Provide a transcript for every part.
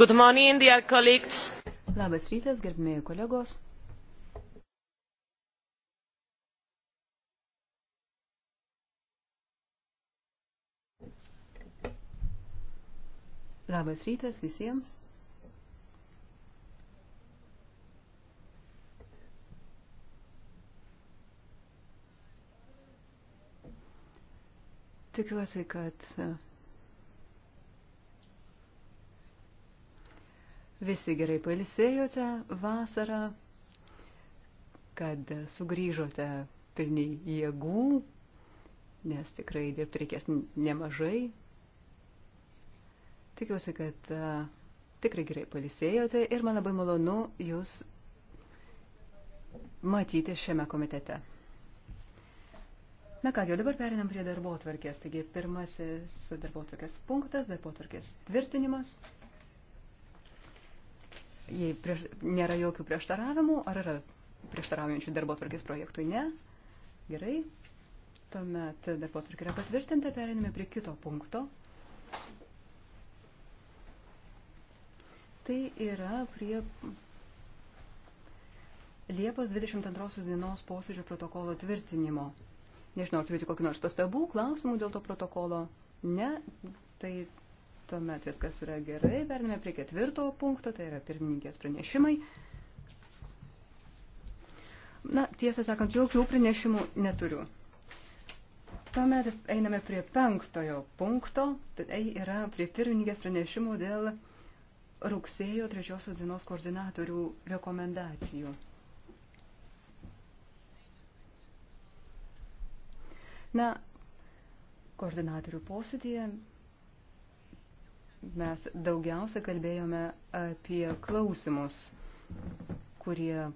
Good morning, dear colleagues. Labas rytas, gerbimieji kolegos. Labas rytas visiems. Tikiuosi, kad visi gerai pailsėjote vasarą, kad sugrįžote pilni jėgų, nes tikrai dirbti reikės nemažai. Tikiuosi, kad tikrai gerai pailsėjote ir man labai malonu jūs matyti šiame komitete. Na kągi, o dabar perinam prie darbo tvarkės. Taigi pirmasis darbo tvarkės punktas, darbo tvarkės tvirtinimas. Jei prieš, nėra jokių prieštaravimų, ar yra prieštaraujančių darbo tvarkės projektui? Ne. Gerai. Tuomet darbo tvarkė yra patvirtinta, perinime prie kito punkto. Tai yra prie Liepos 22 dienos posėdžio protokolo tvirtinimo. Nežinau, ar turite kokį nors pastabų, klausimų dėl to protokolo? Ne, tai Tuomet viskas yra gerai. Vernime prie ketvirto punkto, tai yra pirmininkės pranešimai. Na, tiesą sakant, jokių pranešimų neturiu. Tuomet einame prie penktojo punkto, tai yra prie pirmininkės pranešimų dėl rugsėjo trečiosios dienos koordinatorių rekomendacijų. Na, koordinatorių posėdėje mes daugiausia kalbėjome apie klausimus, kurie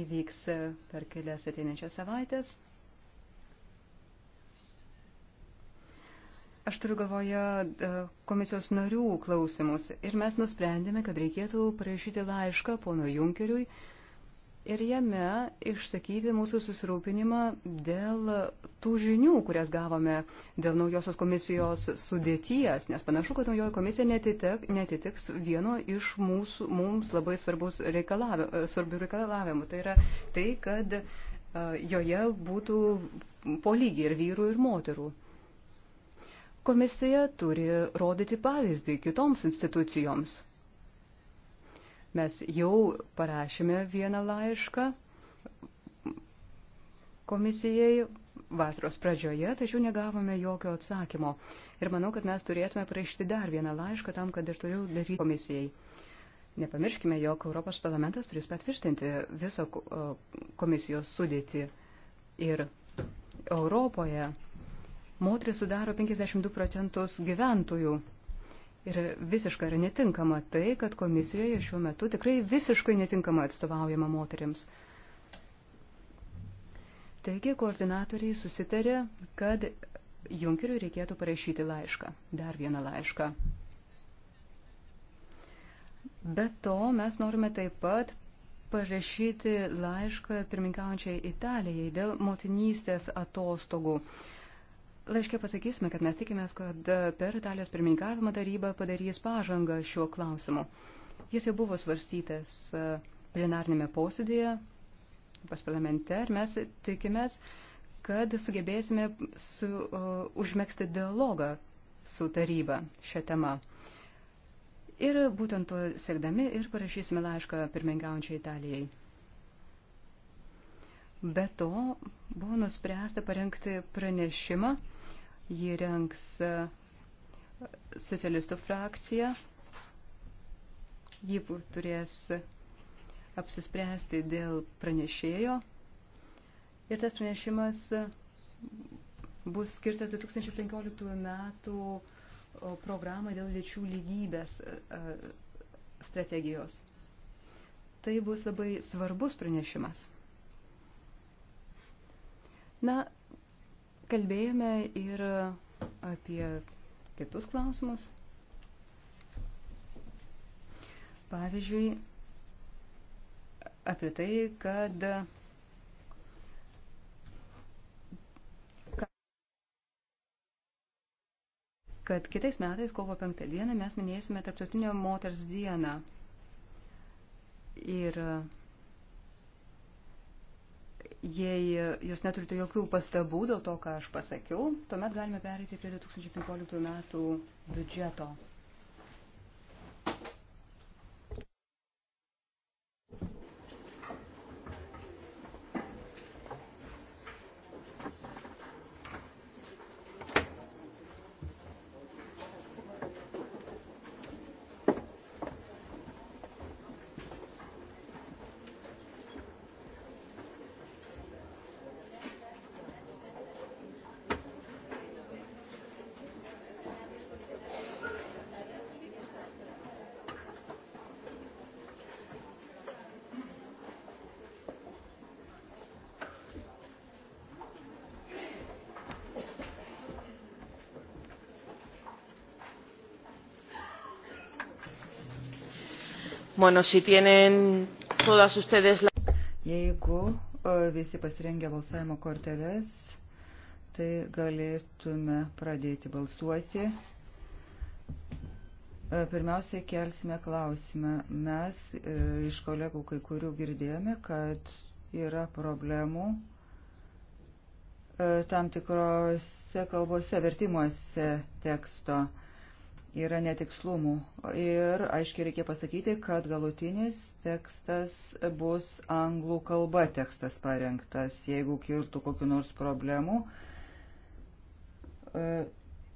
įvyks per kelias ateinančias savaitės. Aš turiu galvoje e, komisijos narių klausimus ir mes nusprendėme, kad reikėtų parašyti laišką pono Junkeriui, ir jame išsakyti mūsų susirūpinimą dėl tų žinių, kurias gavome dėl naujosios komisijos sudėties, nes panašu, kad naujoji komisija netitek, netitiks vieno iš mūsų, mums labai reikalavim, svarbių reikalavimų. Tai yra tai, kad joje būtų polygiai ir vyrų, ir moterų. Komisija turi rodyti pavyzdį kitoms institucijoms. Mes jau parašėme vieną laišką komisijai vasaros pradžioje, tačiau negavome jokio atsakymo. Ir manau, kad mes turėtume parašyti dar vieną laišką tam, kad ir toliau daryti komisijai. Nepamirškime, jog Europos parlamentas turės patvirtinti viso komisijos sudėti. Ir Europoje moteris sudaro 52 procentus gyventojų yra visiškai yra netinkama tai, kad komisijoje šiuo metu tikrai visiškai netinkama atstovaujama moteriams. Taigi koordinatoriai susitarė, kad Junkeriui reikėtų parašyti laišką, dar vieną laišką. Be to mes norime taip pat parašyti laišką pirmininkaujančiai Italijai dėl motinystės atostogų. Uh, Laiškė pasakysime, kad mes tikimės, kad per Italijos pirmininkavimą taryba padarys pažangą šiuo klausimu. Jis jau buvo svarstytas e, plenarnėme posėdėje, pas parlamente, ir mes tikimės, kad sugebėsime su, uh, e, užmėgsti dialogą su taryba šią temą. Ir būtent to siekdami ir parašysime laišką pirmingaujančiai Italijai. Be to buvo nuspręsta parengti pranešimą Jį renks e, socialistų frakcija. Jį turės apsispręsti dėl pranešėjo. Ir tas pranešimas e, bus skirtas 2015 metų programai dėl lyčių lygybės e, strategijos. Tai bus labai svarbus pranešimas. Na, Kalbėjome ir apie kitus klausimus. Pavyzdžiui, apie tai, kad kad kitais metais, kovo penktą dieną, mes minėsime Tarptautinio moters dieną. Ir uh, Jei jūs neturite jokių pastabų dėl to, ką aš pasakiau, tuomet galime perėti prie 2015 metų biudžeto. Bueno, si tienen todas ustedes la... Jeigu e, visi pasirengę balsavimo korteles, tai galėtume pradėti balsuoti. E, pirmiausiai kelsime klausimą. Mes e, iš kolegų kai kurių girdėjome, kad yra problemų tam tikrose kalbose, vertimuose teksto yra netikslumų. Ir aiškiai reikia pasakyti, kad galutinis tekstas bus anglų kalba tekstas parengtas, jeigu kiltų kokiu nors problemu e,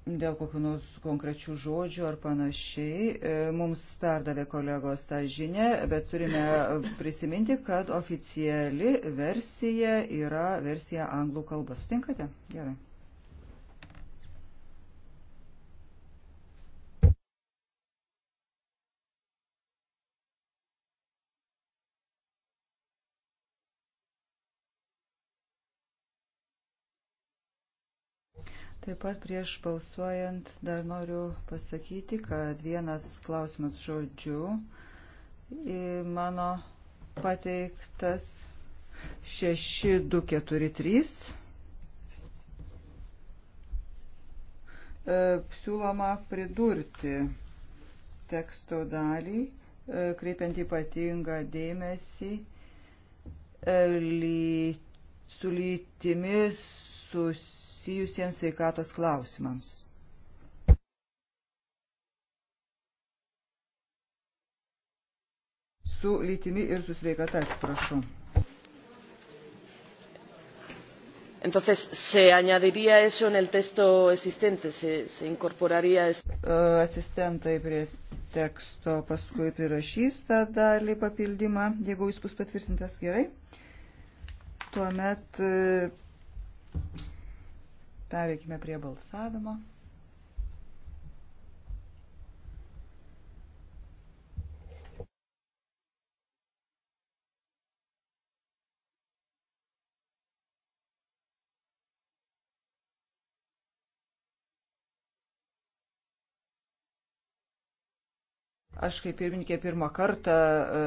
dėl kokiu nors konkrečių žodžių ar panašiai. E, mums perdavė kolegos tą žinę, bet turime prisiminti, kad oficiali versija yra versija anglų kalba. Sutinkate? Gerai. Taip pat prieš balsuojant dar noriu pasakyti, kad vienas klausimas žodžiu mano pateiktas 6243. E, siūloma pridurti teksto dalį, e, kreipiant ypatingą dėmesį e, ly, su lytimis susijusiu susijusiems sveikatos klausimams. Su lytimi ir su sveikata, atsiprašau. entonces se añadiría eso en el texto existente se, se incorporaría uh, asistentai prie teksto paskui prirašys tą dalį papildymą jeigu jis bus patvirtintas gerai tuomet uh, Pereikime prie balsavimo. Aš kaip pirmininkė pirmą kartą e,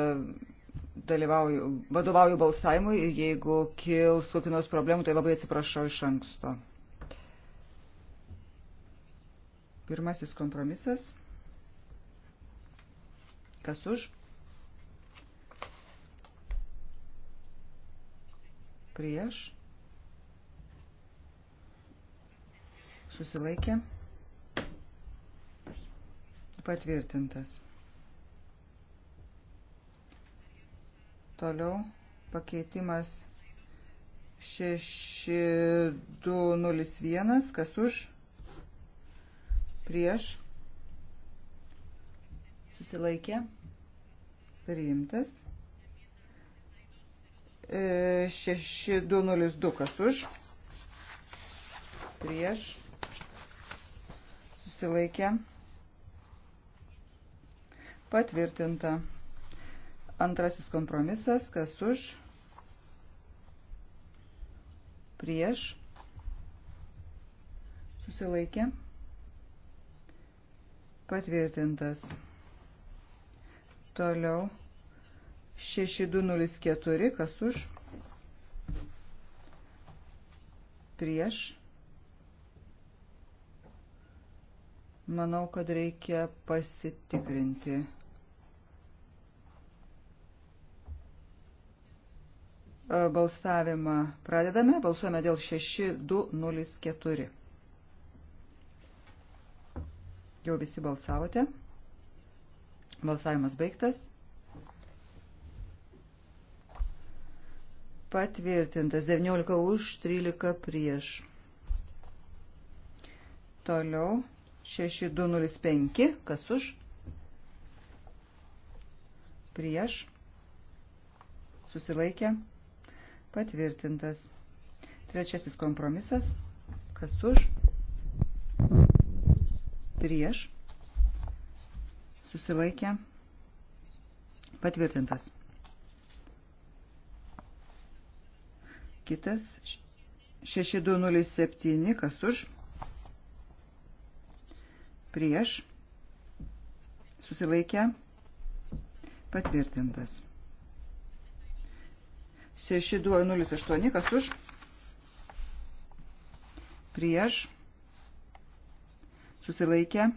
dalyvauju, vadovauju balsavimui ir jeigu kils kokių nors problemų, tai labai atsiprašau iš anksto. Pirmasis kompromisas. Kas už? Prieš. Susilaikė. Patvirtintas. Toliau pakeitimas 6201, kas už, prieš susilaikė priimtas. 6202 e, kas už prieš susilaikė patvirtinta. Antrasis kompromisas kas už prieš susilaikė patvirtinta Patvirtintas. Toliau. 6204, kas už? Prieš. Manau, kad reikia pasitikrinti. Balsavimą pradedame, balsuojame dėl 6204. Jau visi balsavote. Balsavimas baigtas. Patvirtintas 19 už 13 prieš. Toliau 6205, kas už? Prieš. Susilaikė. Patvirtintas. Trečiasis kompromisas. Kas už? prieš, susilaikė, patvirtintas. Kitas 6207, kas už, prieš, susilaikė, patvirtintas. 6208, kas už, prieš, susilaikė,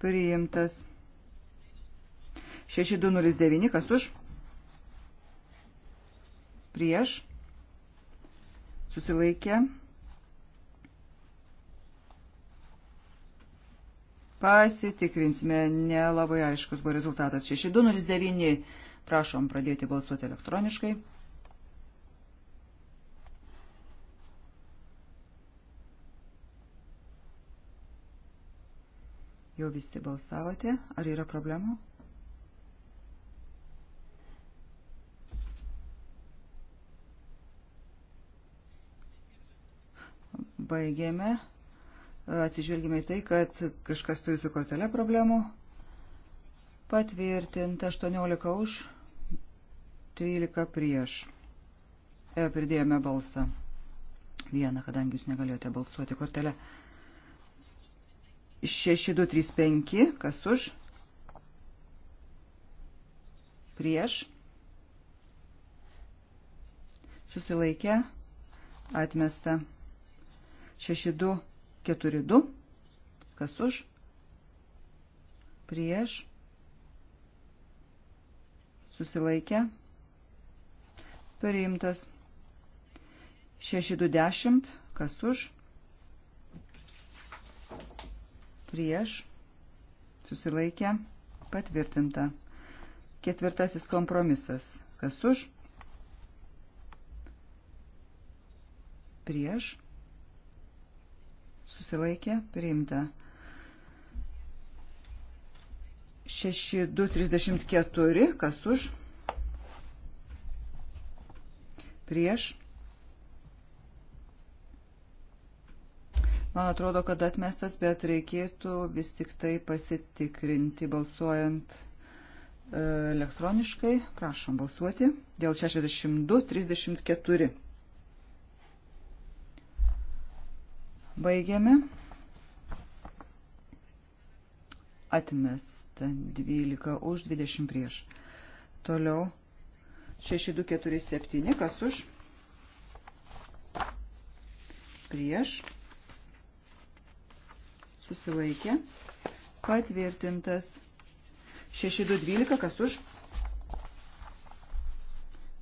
priimtas. 6209, kas už, prieš, susilaikė, pasitikrinsime, nelabai aiškus buvo rezultatas. 6209, prašom pradėti balsuoti elektroniškai. Jau visi balsavote. Ar yra problemų? Baigėme. Atsižvelgime į tai, kad kažkas turi su kortelė problemų. Patvirtinta 18 už, 13 prieš. E, pridėjome balsą. Vieną, kadangi jūs negalėjote balsuoti kortelę. 6235, kas už, prieš, susilaikė, atmesta, 6242, kas už, prieš, susilaikė, priimtas, 6210, kas už, prieš, prieš, susilaikė, patvirtinta. Ketvirtasis kompromisas. Kas už? Prieš, susilaikė, priimta. 6234, kas už, prieš, Man atrodo, kad atmestas, bet reikėtų vis tik tai pasitikrinti balsuojant e, elektroniškai. Prašom balsuoti dėl 62-34. Baigiame. Atmesta 12 už 20 prieš. Toliau 6247, kas už? Prieš susilaikė, patvirtintas 6212, kas už,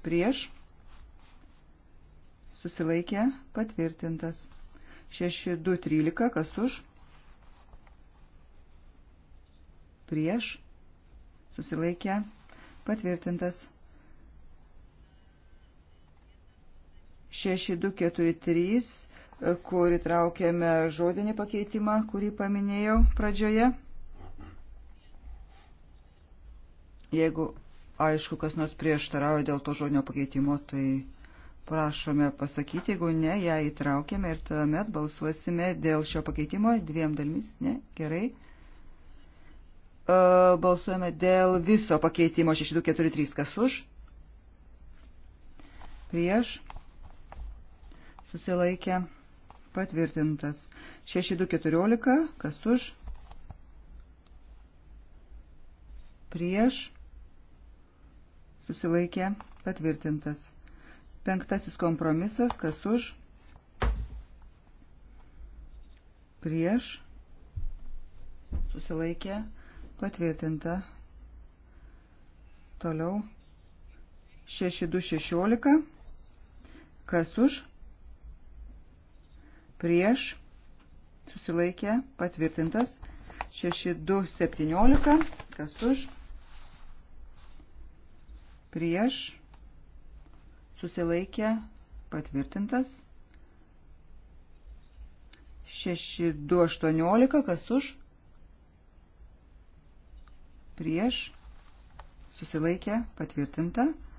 prieš, susilaikė, patvirtintas 6213, kas už, prieš, susilaikė, patvirtintas 6243, kur įtraukėme žodinį pakeitimą, kurį paminėjau pradžioje. Jeigu aišku, kas nors prieštarauja dėl to žodinio pakeitimo, tai prašome pasakyti, jeigu ne, ją įtraukėme ir tuomet balsuosime dėl šio pakeitimo dviem dalimis, ne, gerai. E, balsuojame dėl viso pakeitimo 6243, kas už, prieš, susilaikę, patvirtintas. 6214, kas už, prieš, susilaikė, patvirtintas. Penktasis kompromisas, kas už, prieš, susilaikė, patvirtinta. Toliau 6216, kas už, prieš prieš, susilaikė, patvirtintas, 6217, kas už, prieš, susilaikė, patvirtintas, 6218, kas už, prieš, susilaikė, patvirtinta, 6218.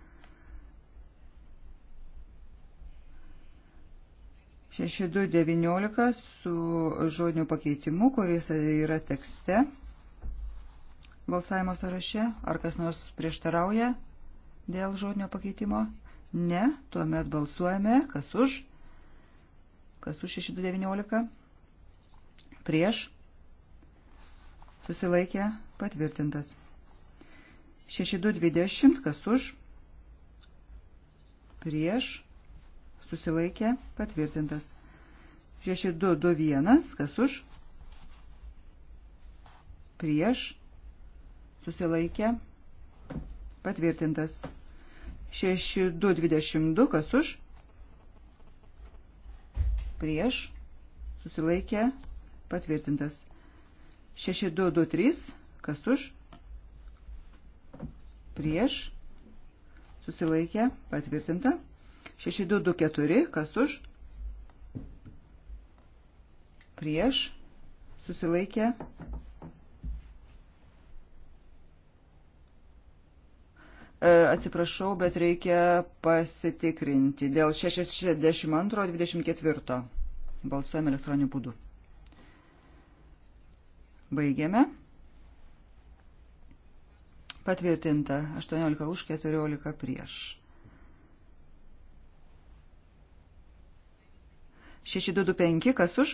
6219 su žodiniu pakeitimu, kuris yra tekste balsavimo sąraše. Ar kas nors prieštarauja dėl žodinio pakeitimo? Ne. Tuomet balsuojame. Kas už? Kas už 6219? Prieš. Susilaikė. Patvirtintas. 6220. Kas už? Prieš susilaikė, patvirtintas. 6221, kas už, prieš, susilaikė, patvirtintas. 6222, kas už, prieš, susilaikė, patvirtintas. 6223, kas už, prieš, susilaikė, patvirtinta. 6224, kas už, prieš, susilaikė. E, atsiprašau, bet reikia pasitikrinti dėl 62-24 balsuojame elektroniniu būdu. Baigiame. Patvirtinta 18 už 14 prieš. 6225, kas už?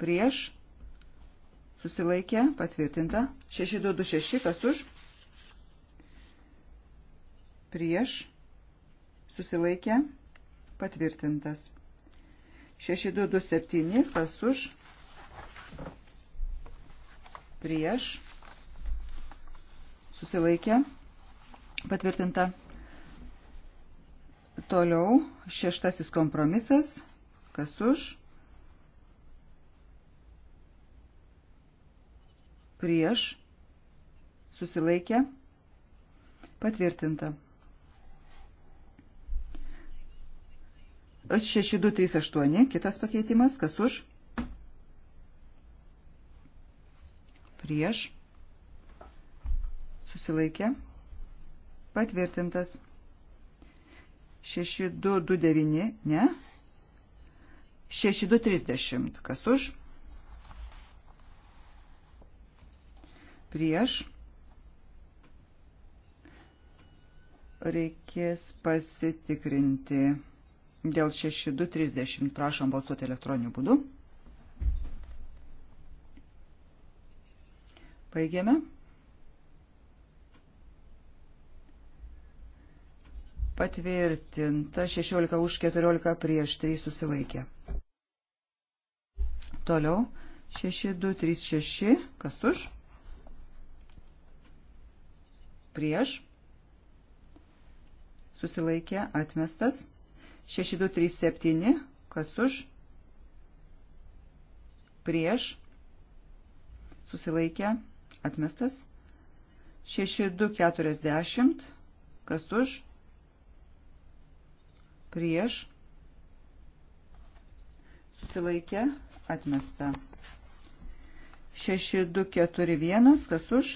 Prieš. Susilaikė, patvirtinta. 6226, kas už? Prieš. Susilaikė, patvirtintas. 6227, kas už? Prieš. Susilaikė, patvirtinta. Toliau šeštasis kompromisas. Kas už? Prieš. Susilaikė. Patvirtinta. 6238. Kitas pakeitimas. Kas už? Prieš. Susilaikė. Patvirtintas. 6229, ne? 6230, kas už? Prieš. Reikės pasitikrinti dėl 6230. Prašom balsuoti elektroniniu būdu. Baigiame. patvirtinta 16 už 14 prieš 3 susilaikė. Toliau 6, 2, 3, 6, kas už? Prieš. Susilaikė atmestas. 6, 2, 3, 7, kas už? Prieš. Susilaikė atmestas. 6, 2, 40, kas už? Prieš prieš, susilaikė, atmesta. 6241, kas už,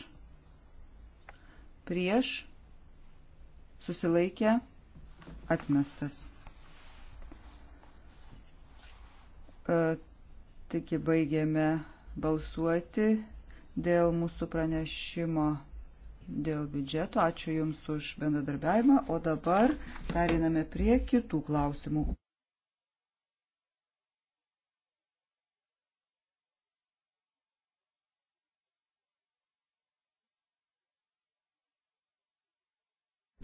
prieš, susilaikė, atmestas. E, taigi baigėme balsuoti dėl mūsų pranešimo dėl biudžeto. Ačiū Jums už bendradarbiavimą, o dabar periname prie kitų klausimų.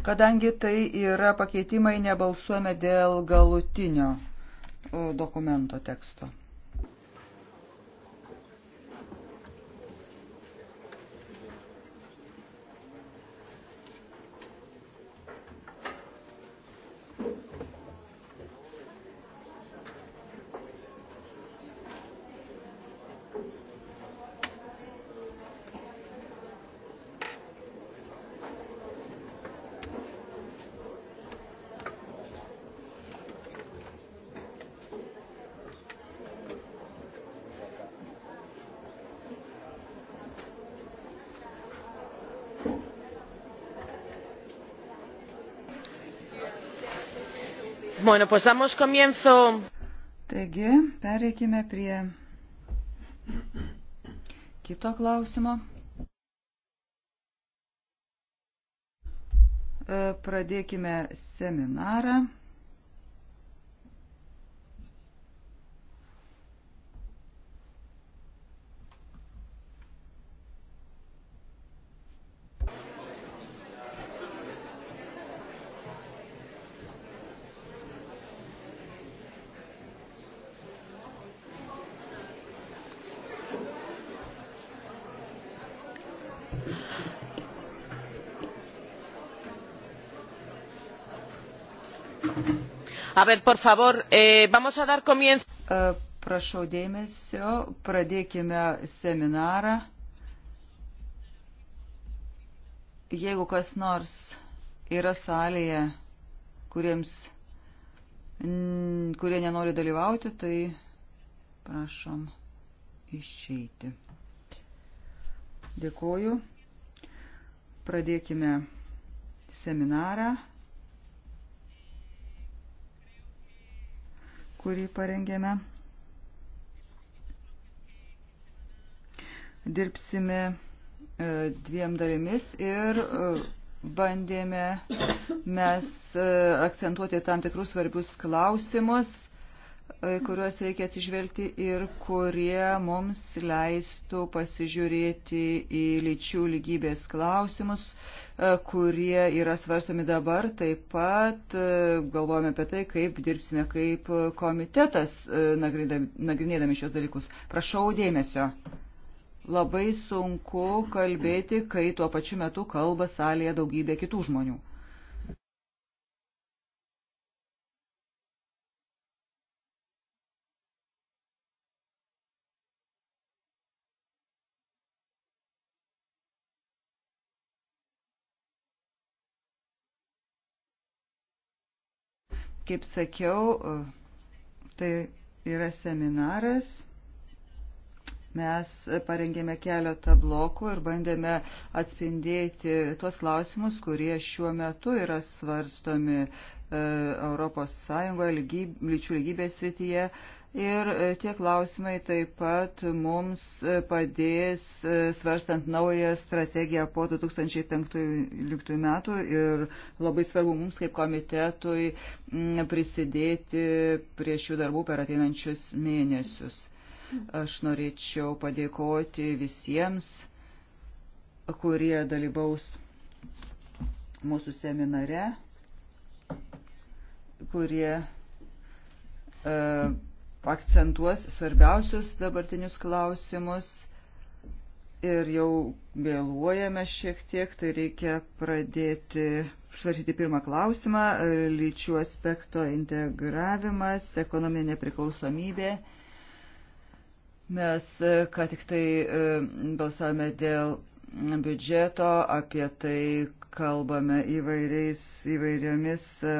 Kadangi tai yra pakeitimai, nebalsuojame dėl galutinio dokumento teksto. Bueno, pues damos comienzo. Taigi, pereikime prie kito klausimo. E, pradėkime seminarą. A ver, por favor, eh, vamos a dar comienzo. Eh, prašau dėmesio, pradėkime seminarą. Jeigu kas nors yra salėje, kuriems, kurie nenori dalyvauti, tai prašom išeiti. Dėkuoju. Pradėkime seminarą. kurį parengėme. Dirbsime e, dviem dalimis ir e, bandėme mes e, akcentuoti tam tikrus svarbius klausimus kuriuos reikia atsižvelgti ir kurie mums leistų pasižiūrėti į lyčių lygybės klausimus, e, kurie yra svarstomi dabar. Taip pat e, galvojame apie tai, kaip dirbsime kaip komitetas e, nagrinėdami šios dalykus. Prašau dėmesio. Labai sunku kalbėti, kai tuo pačiu metu kalba salėje daugybė kitų žmonių. Kaip sakiau, tai yra seminaras. Mes parengėme keletą blokų ir bandėme atspindėti tuos klausimus, kurie šiuo metu yra svarstomi e, Europos Sąjungoje lyčių lygybės srityje. E, Ir e, tie klausimai taip pat mums e, padės e, svarstant naują strategiją po 2015 metų ir labai svarbu mums kaip komitetui prisidėti prie šių darbų per ateinančius mėnesius. Aš norėčiau padėkoti visiems, kurie dalyvaus mūsų seminare, kurie uh, akcentuos svarbiausius dabartinius klausimus ir jau vėluojame šiek tiek, tai reikia pradėti svarstyti pirmą klausimą - lyčių aspekto integravimas, ekonominė priklausomybė. Mes ką tik tai e, balsavome dėl biudžeto, apie tai kalbame įvairiais, įvairiomis e,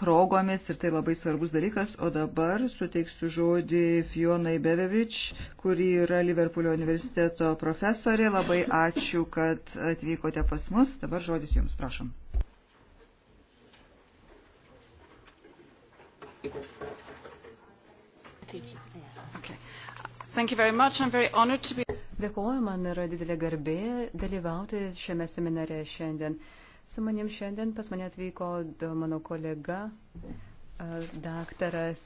progomis ir tai labai svarbus dalykas. O dabar suteiksiu žodį Fionai Bevevič, kuri yra Liverpoolio universiteto profesorė. Labai ačiū, kad atvykote pas mus. Dabar žodis jums, prašom. Dėkuoju, man yra didelė garbė dalyvauti šiame seminare šiandien. Su manim šiandien pas mane atvyko mano kolega, daktaras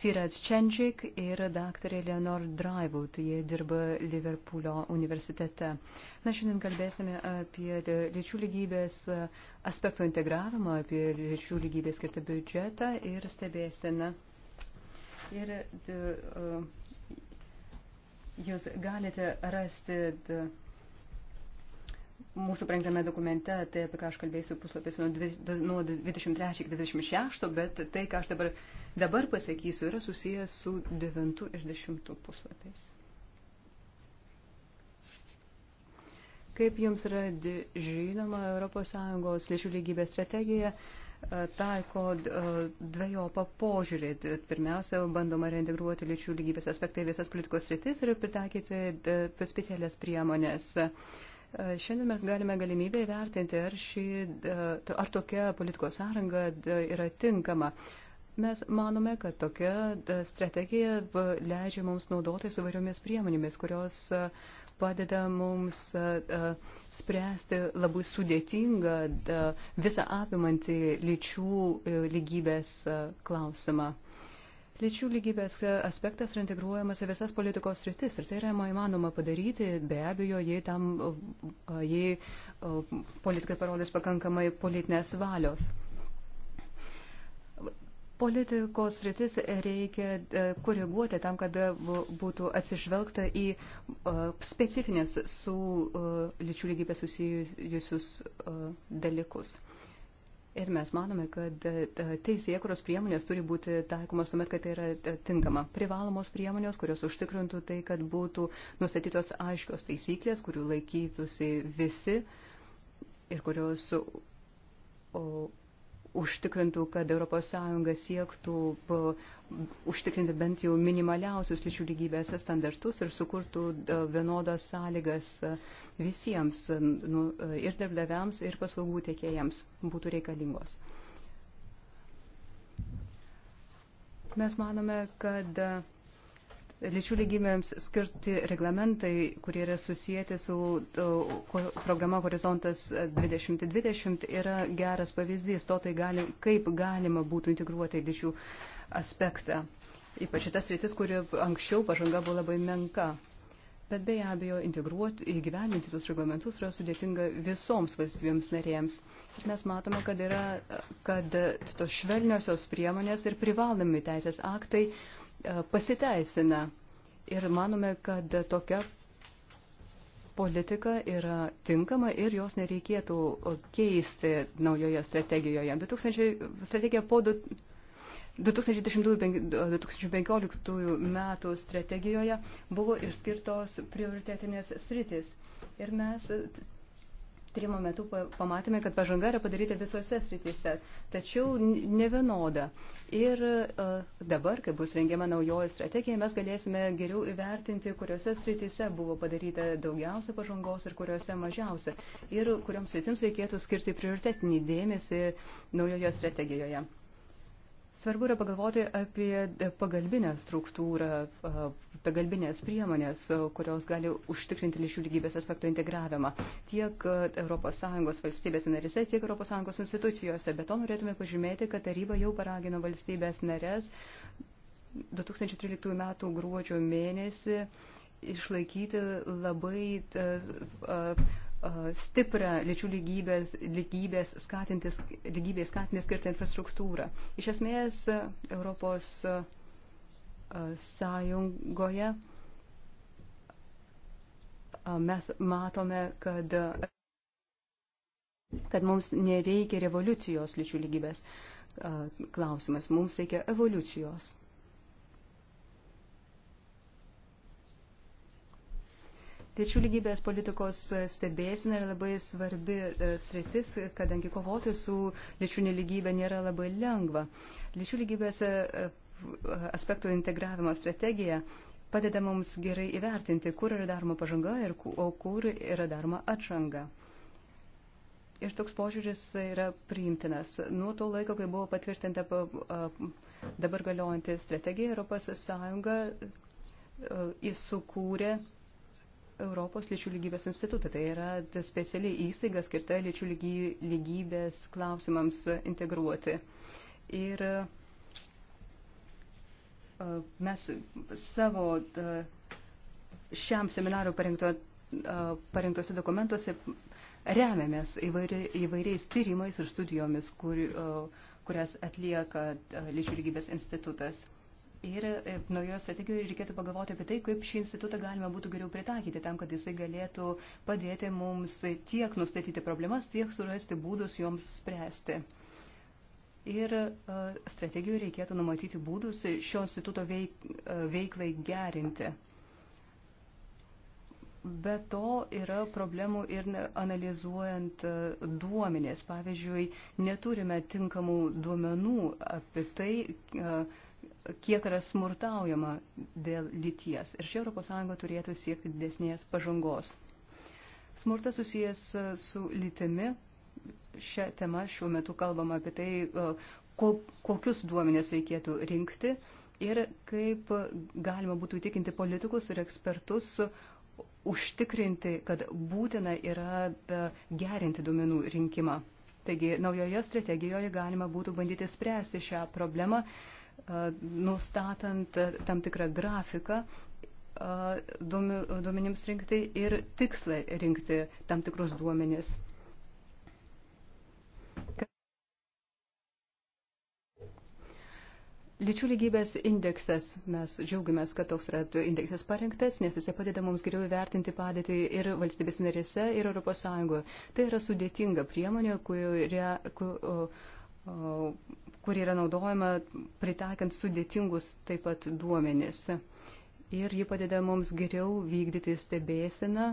Firaz Čendžik ir daktarė Leonor Drywood. Jie dirba Liverpoolio universitete. Na, šiandien kalbėsime apie lyčių lygybės aspektų integravimą, apie lyčių lygybės skirtą biudžetą ir stebėseną. Ir d, uh, jūs galite rasti d, mūsų prengtame dokumente, tai apie ką aš kalbėsiu puslapis nuo, nuo 23 iki 26, bet tai, ką aš dabar, dabar pasakysiu, yra susijęs su 9 ir 10 puslapiais. Kaip jums yra žinoma, ES lėšų lygybės strategija e, taiko e, dviejopą požiūrį. Pirmiausia, bandoma reintegruoti lyčių lygybės aspektai visas politikos rytis ir pritaikyti e, specialias priemonės. Uh, E, šiandien mes galime galimybę įvertinti, ar, ši, e, ar tokia politikos sąranga yra tinkama. Mes manome, kad tokia strategija leidžia mums naudotis įvairiomis priemonėmis, kurios e, padeda mums spręsti labai sudėtingą, visą apimantį lyčių lygybės klausimą. Lyčių lygybės aspektas yra integruojamas į visas politikos rytis ir tai yra įmanoma padaryti, be abejo, jei, tam, jei politikai parodys pakankamai politinės valios. Politikos rytis reikia koreguoti tam, kad būtų atsižvelgta į specifinės su lyčių lygybės susijusius dalykus. Ir mes manome, kad e, teisėkuros priemonės turi būti taikomos tuomet, kad tai yra tinkama. Privalomos priemonės, kurios užtikrintų tai, kad būtų nustatytos aiškios taisyklės, kurių laikytųsi visi ir kurios o, užtikrintų, kad ES siektų užtikrinti bent jau minimaliausius lyčių lygybės standartus ir sukurtų vienodas sąlygas e, visiems nu, e, ir darbdaviams, ir paslaugų tiekėjams būtų reikalingos. Mes manome, kad lyčių lygybėms skirti reglamentai, kurie yra susijęti su programa Horizontas 2020, yra geras pavyzdys to, tai gali, kaip galima būtų integruoti lyčių aspektą. Ypač šitas rytis, kuri anksčiau pažanga buvo labai menka. Bet be abejo, integruoti, įgyvendinti tos reglamentus yra sudėtinga visoms valstybėms narėms. Ir mes matome, kad yra, kad tos švelniosios priemonės ir privalomi teisės aktai uh, E, pasiteisina. Ir manome, kad tokia politika yra tinkama ir jos nereikėtų keisti naujoje strategijoje. 2000, strategija po 2010-2015 metų strategijoje buvo išskirtos prioritetinės sritis. Ir mes tyrimo metu pamatėme, kad pažanga yra padaryta visose srityse, tačiau ne vienoda. Ir e, dabar, kai bus rengiama naujoji strategija, mes galėsime geriau įvertinti, kuriuose srityse buvo padaryta daugiausia pažangos ir kuriuose mažiausia. Ir kurioms sritims reikėtų skirti prioritetinį dėmesį naujoje strategijoje. Svarbu yra pagalvoti apie e, pagalbinę struktūrą, e, pagalbinės priemonės, e, kurios gali užtikrinti lyčių lygybės aspektų integravimą tiek ES valstybės narise, tiek ES institucijose. Be to norėtume pažymėti, kad taryba jau paragino valstybės nares 2013 m. gruodžio mėnesį išlaikyti labai. Uh, uh, stiprią lyčių lygybės, lygybės skatintis, lygybės skatintis skirtą infrastruktūrą. Iš esmės, Europos sąjungoje mes matome, kad, kad mums nereikia revoliucijos lyčių lygybės klausimas, mums reikia evoliucijos. Tačiau lygybės politikos e, stebėsina yra labai svarbi e, sritis, kadangi kovoti su lyčių neligybė nėra labai lengva. Lyčių lygybės e, aspektų integravimo strategija padeda mums gerai įvertinti, kur yra daroma pažanga, ir, o kur yra daroma atšanga. Ir toks požiūris yra priimtinas. Nuo to laiko, kai buvo patvirtinta dabar galiojanti strategija, Europos Sąjunga įsukūrė Europos lyčių lygybės institutą. Tai yra speciali įstaiga skirta lyčių lygybės klausimams integruoti. Ir e, mes savo e, šiam seminarui parengto, e, parengtose dokumentuose remiamės įvairi, įvairiais tyrimais ir studijomis, kur, kurias atlieka lyčių lygybės institutas. Ir e, naujoje strategijoje reikėtų pagalvoti apie tai, kaip šį institutą galima būtų geriau pritaikyti tam, kad jisai galėtų padėti mums tiek nustatyti problemas, tiek surasti būdus joms spręsti. Ir e, strategijoje reikėtų numatyti būdus šio instituto veik, e, veiklai gerinti. Be to yra problemų ir analizuojant duomenės. Pavyzdžiui, neturime tinkamų duomenų apie tai, kiek yra smurtaujama dėl lyties. Ir čia ES turėtų siekti didesnės pažangos. Smurtas susijęs su lytimi. Šią temą šiuo metu kalbama apie tai, e, kokius duomenės reikėtų rinkti ir kaip galima būtų įtikinti politikus ir ekspertus užtikrinti, kad būtina yra e, gerinti duomenų rinkimą. Taigi naujoje strategijoje galima būtų bandyti spręsti šią problemą nustatant tam tikrą grafiką duomenims rinkti ir tikslai rinkti tam tikrus duomenis. Lyčių lygybės indeksas, mes džiaugiamės, kad toks yra indeksas parengtas, nes jis padeda mums geriau įvertinti padėtį ir valstybės narėse, ir Europos Sąjungoje. Tai yra sudėtinga priemonė, kuria, kur, kuri yra naudojama pritaikant sudėtingus taip pat duomenis. Ir ji padeda mums geriau vykdyti stebėsiną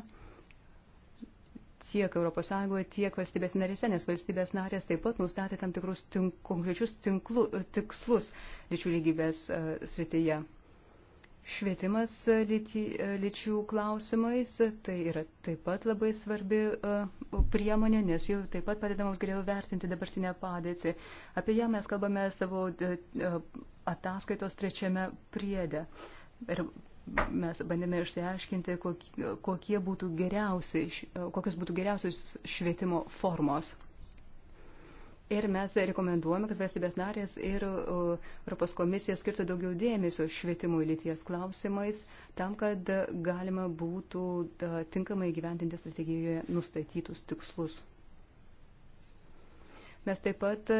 tiek ES, tiek valstybės narėse, nes valstybės narės taip pat nustatė tam tikrus tink, konkrečius tinklu, tikslus lyčių lygybės uh, srityje. Uh, Švietimas e, e, lyčių klausimais tai yra taip pat labai svarbi e, priemonė, nes jau taip pat padeda mums geriau vertinti dabartinę padėtį. Apie ją mes kalbame savo ataskaitos trečiame priede. Ir mes bandėme išsiaiškinti, kokie būtų geriausiai, kokios būtų geriausios švietimo formos. Ir mes rekomenduojame, kad valstybės narės ir Europos komisija skirtų daugiau dėmesio švietimui lyties klausimais, tam, kad galima būtų tinkamai gyventinti strategijoje nustatytus tikslus. Mes taip pat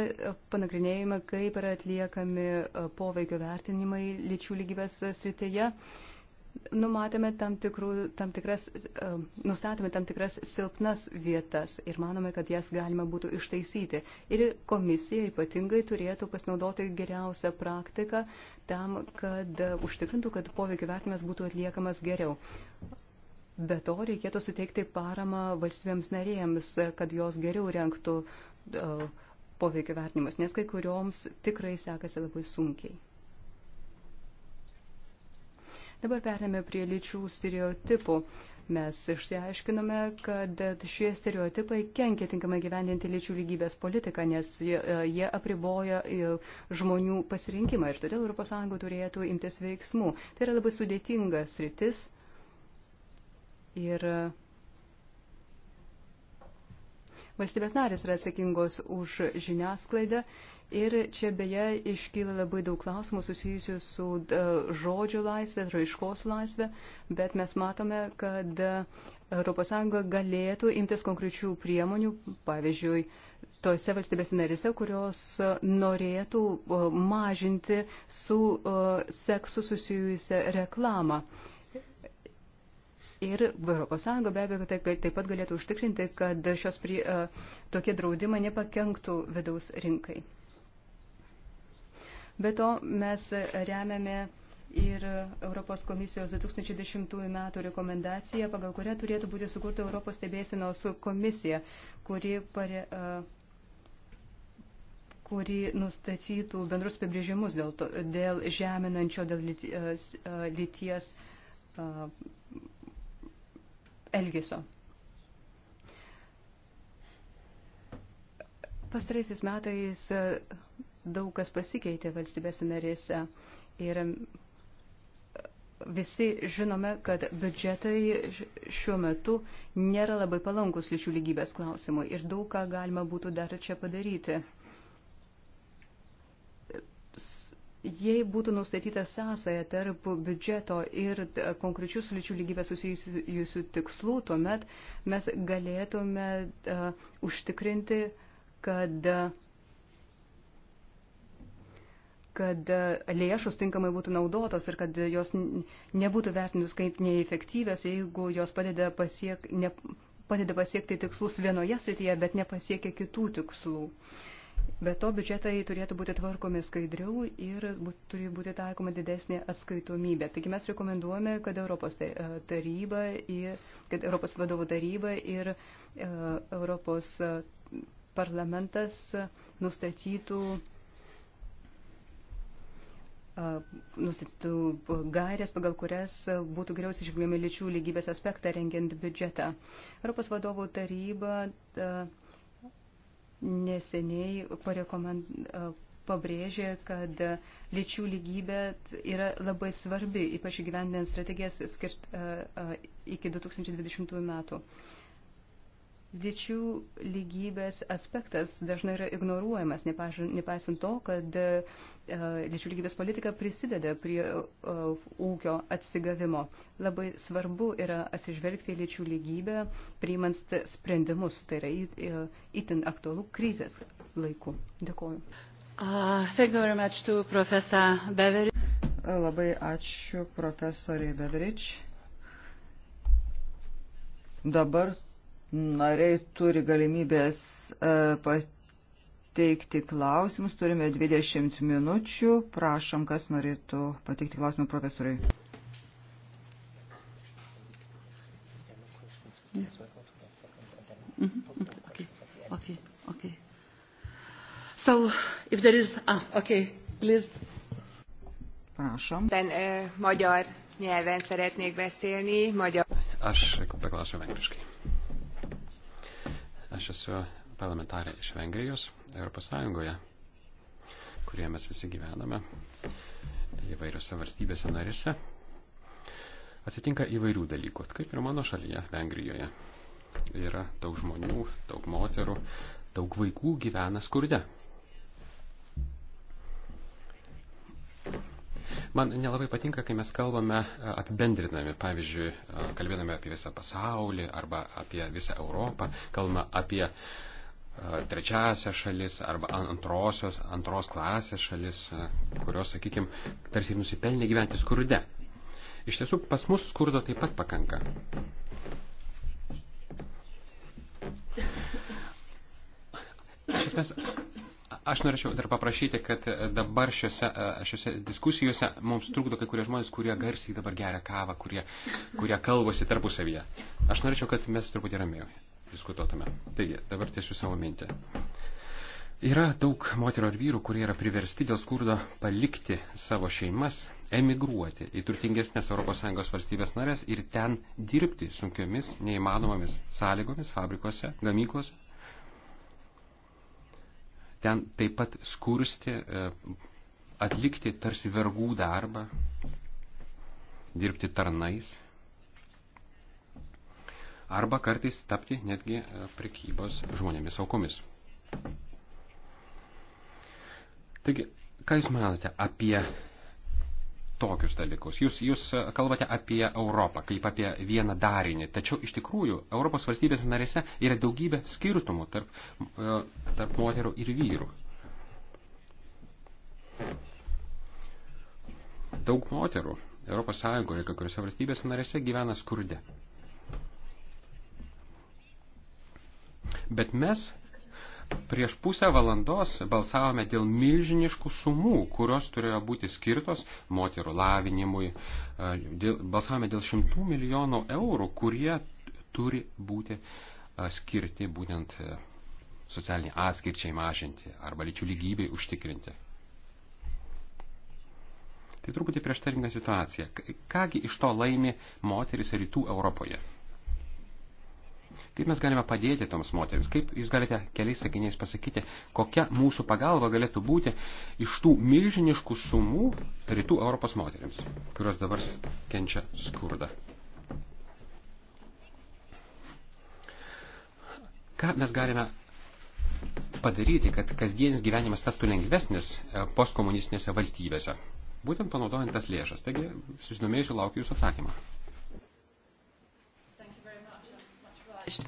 panagrinėjame, kaip yra atliekami poveikio vertinimai lyčių lygybės srityje numatėme tam, tikrų, tam tikras, e, nustatėme tam tikras silpnas vietas ir manome, kad jas galima būtų ištaisyti. Ir komisija ypatingai turėtų pasinaudoti geriausią praktiką tam, kad e, užtikrintų, kad poveikio vertimas būtų atliekamas geriau. Be to reikėtų suteikti paramą valstybėms narėjams, kad jos geriau renktų e, poveikio vertinimus, nes kai kurioms tikrai sekasi labai sunkiai. Dabar perėmė prie lyčių stereotipų. Mes išsiaiškinome, kad šie stereotipai kenkia tinkamai gyvendinti lyčių lygybės politiką, nes jie, jie apriboja e, žmonių pasirinkimą ir todėl ES turėtų imtis veiksmų. Tai yra labai sudėtingas rytis ir e, valstybės narės yra atsakingos už žiniasklaidą Ir čia beje iškyla labai daug klausimų susijusių su e, žodžio laisvė, raiškos laisvė, bet mes matome, kad ES galėtų imtis konkrečių priemonių, pavyzdžiui, tose valstybėse narise, kurios e, norėtų e, mažinti su seksu susijusią reklamą. Ir ES be abejo taip pat galėtų užtikrinti, kad šios prie, tokie draudimai nepakenktų vidaus rinkai. Be to mes remiame ir Europos komisijos 2010 metų rekomendacija, pagal kurią turėtų būti sukurta Europos stebėsinos komisija, kuri, pare, e, kuri nustatytų bendrus apibrėžimus dėl, to, dėl žeminančio, dėl lyties, e, lyties e, elgesio. Pastaraisiais metais daug kas pasikeitė valstybės narėse. Ir visi žinome, kad biudžetai šiuo metu nėra labai palankus lyčių lygybės klausimui ir daug ką galima būtų dar čia padaryti. Jei būtų nustatyta sąsaja tarp biudžeto ir e, konkrečių su lyčių lygybė susijusių tikslų, tuomet mes galėtume uh, užtikrinti, kad uh, kad e, lėšus tinkamai būtų naudotos ir kad jos nebūtų vertinus kaip neefektyvės, jeigu jos padeda, pasiek, ne, padeda pasiekti tikslus vienoje srityje, bet nepasiekia kitų tikslų. Be to, biudžetai turėtų būti tvarkomi skaidriau ir būt, turi būti taikoma didesnė atskaitomybė. Taigi mes rekomenduojame, kad Europos, e, taryba ir, kad e, Europos vadovo taryba ir uh, Europos parlamentas nustatytų uh, nustatytų gairės, pagal kurias būtų geriausiai išvilgiami lyčių lygybės aspektą rengiant biudžetą. Europos vadovų taryba neseniai pabrėžė, kad lyčių lygybė yra labai svarbi, ypač įgyvendinant strategijas skirt, iki 2020 metų lyčių lygybės aspektas dažnai yra ignoruojamas, nepaisant to, kad e, lyčių lygybės politika prisideda prie e, ūkio atsigavimo. Labai svarbu yra atsižvelgti į lyčių lygybę, priimant sprendimus, tai yra e, itin aktualu krizės laiku. Dėkuoju. Uh, Labai ačiū profesoriai Beverič. Dabar nariai turi galimybės e, pateikti klausimus. Turime 20 minučių. Prašom, kas norėtų pateikti klausimą profesoriui. Mhm. Okay. Okay. Okay. So, if there is, ah, okay, please. Prašom. Ten, uh, magyar nyelven szeretnék beszélni, magyar. Aš beklausím angliškai. Aš esu parlamentarė iš Vengrijos, Europos Sąjungoje, kurie mes visi gyvename įvairiose valstybėse narėse. Atsitinka įvairių dalykų, kaip ir mano šalyje, Vengrijoje. Yra daug žmonių, daug moterų, daug vaikų gyvena skurde. Man nelabai patinka, kai mes kalbame e, apibendrinami, pavyzdžiui, e, kalbėdami apie visą pasaulį arba apie visą Europą, kalbame apie e, trečiasias šalis arba antrosios, antros klasės šalis, kurios, sakykime, tarsi nusipelnė gyventi skurde. Iš tiesų, pas mus skurdo taip pat pakanka. Iš esmės, Aš norėčiau dar paprašyti, kad dabar šiuose, šiuose diskusijose mums trukdo kai kurie žmonės, kurie garsiai dabar geria kavą, kurie, kurie kalbasi tarpusavyje. Aš norėčiau, kad mes truputį ramiau diskutuotume. Taigi, dabar tiesiu savo mintį. Yra daug moterų ir vyrų, kurie yra priversti dėl skurdo palikti savo šeimas, emigruoti į turtingesnės ES valstybės narės ir ten dirbti sunkiomis, neįmanomomis sąlygomis fabrikuose, gamyklose, ten taip pat skursti, e, atlikti tarsi vergų darbą, dirbti tarnais arba kartais tapti netgi e, prekybos žmonėmis aukomis. Taigi, ką Jūs manote apie tokius dalykus. Jūs, jūs e, kalbate apie Europą kaip apie vieną darinį, tačiau iš tikrųjų Europos valstybės narėse yra daugybė skirtumų tarp, e, tarp moterų ir vyrų. Daug moterų Europos Sąjungoje, kai kuriuose valstybės narėse gyvena skurde. Bet mes Prieš pusę valandos balsavome dėl milžiniškų sumų, kurios turėjo būti skirtos moterų lavinimui. Balsavome dėl šimtų milijonų eurų, kurie turi būti skirti būtent e, socialiniai atskirčiai mažinti arba lyčių lygybei užtikrinti. Tai truputį prieštaringa situacija. Kągi iš to laimi moteris rytų Europoje? Kaip mes galime padėti toms moteriams? Kaip jūs galite keliais sakiniais pasakyti, kokia mūsų pagalba galėtų būti iš tų milžiniškų sumų rytų Europos moteriams, kurios dabar kenčia skurdą? Ką mes galime padaryti, kad kasdienis gyvenimas taptų lengvesnis e, postkomunistinėse valstybėse? Būtent panaudojant tas lėšas. Taigi, susidomėjusiu, laukiu jūsų atsakymą. established.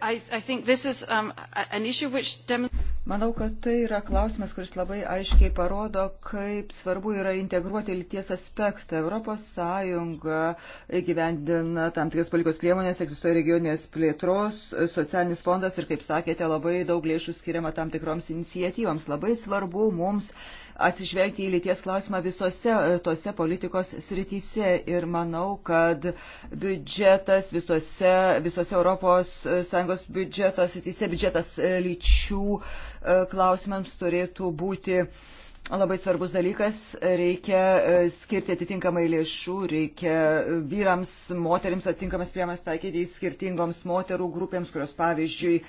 I, I think this is um, an issue which demonstrates. Manau, kad tai yra klausimas, kuris labai aiškiai parodo, kaip svarbu yra integruoti lyties aspektą. Europos Sąjunga įgyvendina tam tikras politikos priemonės, egzistuoja regioninės plėtros, socialinis fondas ir, kaip sakėte, labai daug lėšų skiriama tam tikroms inicijatyvams. Labai svarbu mums atsižvelgti į lyties klausimą visose e, tose politikos srityse. Ir manau, kad biudžetas visose, visose ES e, biudžeto srityse, biudžetas e, lyčių klausimams turėtų būti uh, labai svarbus dalykas, reikia e, skirti atitinkamai lėšų, reikia e, vyrams, moteriams atitinkamas priemas taikyti skirtingoms moterų grupėms, kurios pavyzdžiui e,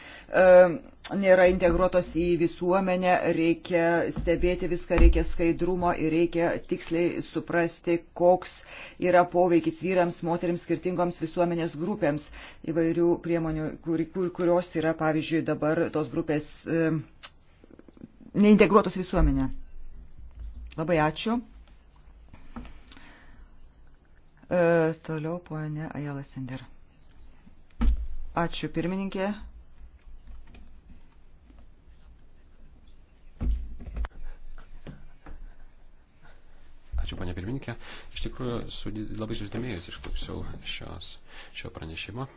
nėra integruotos į visuomenę, reikia stebėti viską, reikia skaidrumo ir reikia tiksliai suprasti, koks yra poveikis vyrams, moteriams, skirtingoms visuomenės grupėms įvairių priemonių, kur, kur, kurios yra pavyzdžiui dabar tos grupės neintegruotos visuomenė. Labai ačiū. E, toliau ponė Ajala Sender. Ačiū pirmininkė. Ačiū, ponė pirmininkė. Iš tikrųjų, su, labai susidomėjus išklausiau šios, šio pranešimo.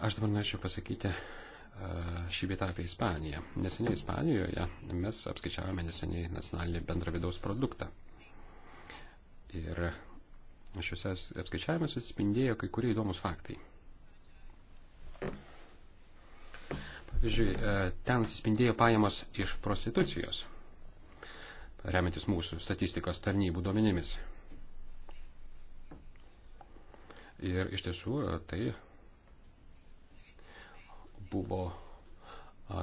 Aš dabar norėčiau pasakyti šį vietą apie Ispaniją. Neseniai Ispanijoje mes apskaičiavome neseniai nacionalinį bendrą vidaus produktą. Ir šiuose apskaičiavimuose atsispindėjo kai kurie įdomus faktai. Pavyzdžiui, e, ten atsispindėjo pajamos iš prostitucijos, remiantis mūsų statistikos tarnybų duomenimis. Ir iš tiesų e, tai buvo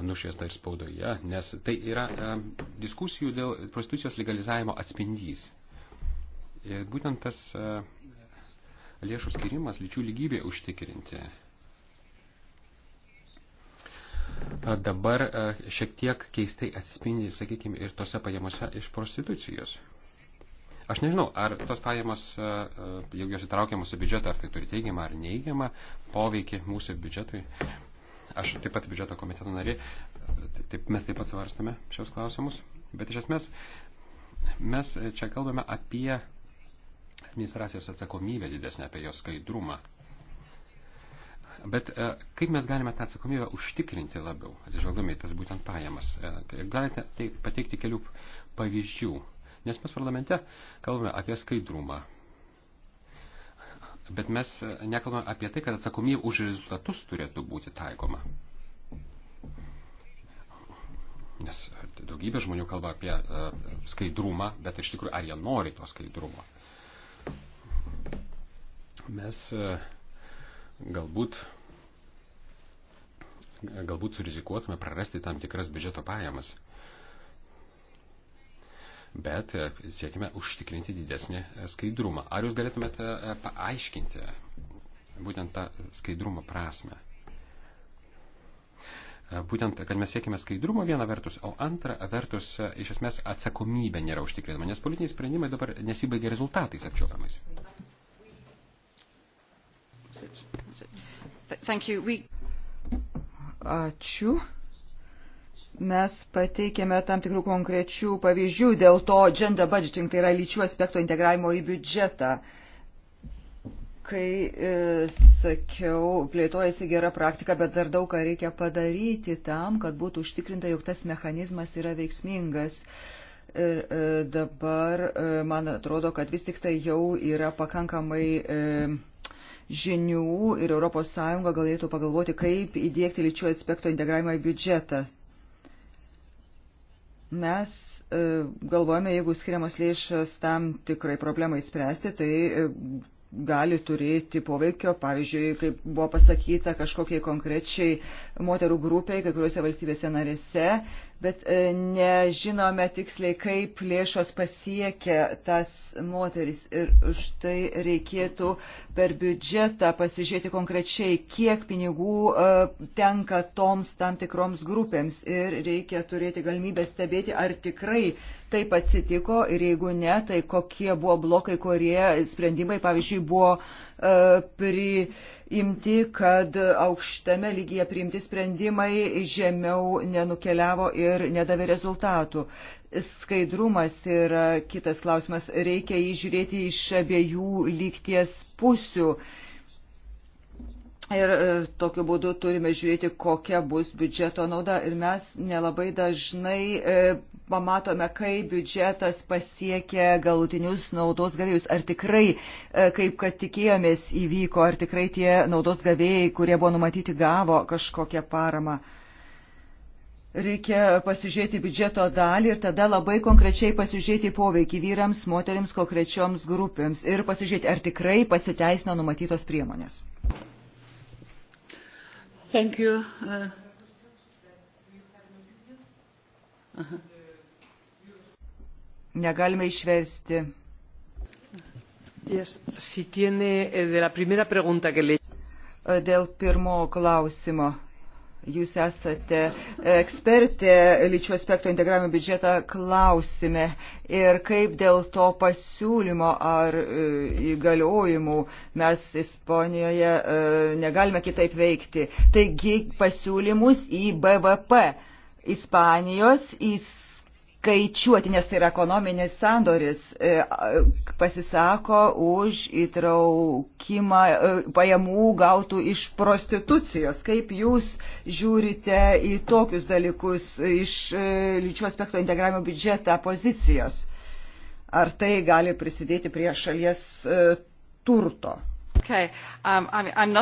nušviesta ir spaudoje, nes tai yra diskusijų dėl prostitucijos legalizavimo atspindys. Ir būtent tas lėšų skirimas lyčių lygybė užtikrinti. Dabar šiek tiek keistai atsispindi, sakykime, ir tose pajamose iš prostitucijos. Aš nežinau, ar tos pajamos, jeigu jos įtraukia mūsų biudžetą, ar tai turi teigiamą ar neigiamą poveikį mūsų biudžetui. Aš taip pat biudžeto komiteto nari, e, taip, mes taip pat svarstame šios klausimus, bet iš esmės mes e, čia kalbame apie administracijos atsakomybę didesnę, apie jos skaidrumą. Bet e, kaip mes galime tą atsakomybę užtikrinti labiau, atsižvelgdami tas būtent pajamas? Tai galite tai pateikti kelių pavyzdžių, nes mes parlamente kalbame apie skaidrumą, Bet mes e, nekalbame apie tai, kad atsakomybė už rezultatus turėtų būti taikoma. Nes daugybė žmonių kalba apie uh, skaidrumą, bet iš tikrųjų ar jie nori to skaidrumo. Mes uh, galbūt, galbūt surizikuotume prarasti tam tikras biudžeto pajamas. Uh, bet e, siekime užtikrinti didesnį e, skaidrumą. Ar jūs galėtumėte e, paaiškinti būtent tą skaidrumo prasme? Būtent, kad mes siekime skaidrumo viena vertus, o antra vertus, iš esmės, atsakomybė nėra užtikrinama, nes politiniai sprendimai dabar nesibaigia rezultatais apčiopiamais. Ačiū mes pateikėme tam tikrų konkrečių pavyzdžių dėl to gender budgeting, tai yra lyčių aspekto integravimo į biudžetą. Kai e, sakiau, plėtojasi gera praktika, bet dar daug ką reikia padaryti tam, kad būtų užtikrinta, jog tas mechanizmas yra veiksmingas. Ir e, dabar e, man atrodo, kad vis tik tai jau yra pakankamai. E, žinių ir ES galėtų pagalvoti, kaip įdėkti lyčių aspekto integravimą į biudžetą. Mes e, galvojame, jeigu skiriamos lėšos tam tikrai problemai spręsti, tai e, gali turėti poveikio, pavyzdžiui, kaip buvo pasakyta, kažkokiai konkrečiai moterų grupiai, kai kuriuose valstybėse narėse bet e, nežinome tiksliai, kaip lėšos pasiekia tas moteris. Ir štai reikėtų per biudžetą pasižiūrėti konkrečiai, kiek pinigų e, tenka toms tam tikroms grupėms. Ir reikia turėti galimybę stebėti, ar tikrai taip atsitiko ir jeigu ne, tai kokie buvo blokai, kurie sprendimai, pavyzdžiui, buvo e, pri imti, kad aukštame lygyje priimti sprendimai žemiau nenukeliavo ir nedavė rezultatų. Skaidrumas yra kitas klausimas. Reikia įžiūrėti iš abiejų lygties pusių. Uh, Ir e, tokiu būdu turime žiūrėti, kokia bus biudžeto nauda. Ir mes nelabai dažnai e, pamatome, kai biudžetas pasiekia galutinius naudos gavėjus. Ar tikrai, e, kaip kad tikėjomės, įvyko, ar tikrai tie naudos gavėjai, kurie buvo numatyti, gavo kažkokią paramą. Reikia pasižiūrėti biudžeto dalį ir tada labai konkrečiai pasižiūrėti poveikį vyrams, moteriams, konkrečioms grupėms ir pasižiūrėti, ar tikrai pasiteisino numatytos priemonės. Thank you. Uh, aha. Uh-huh. Negalime išversti. Yes. Si tiene, eh, de la primera pregunta que le... Dėl pirmo klausimo Jūs esate e, ekspertė lyčių aspekto integravimo biudžetą klausime ir kaip dėl to pasiūlymo ar e, įgaliojimų mes Ispanijoje e, negalime kitaip veikti. Taigi pasiūlymus į BVP Ispanijos į skaičiuoti, nes tai yra ekonominis sandoris, e, pasisako už įtraukimą e, pajamų gautų iš prostitucijos. Kaip jūs žiūrite į tokius dalykus iš e, lyčių aspekto integravimo biudžetą pozicijos? Ar tai gali prisidėti prie šalies turto? Okay. Um, I'm, I'm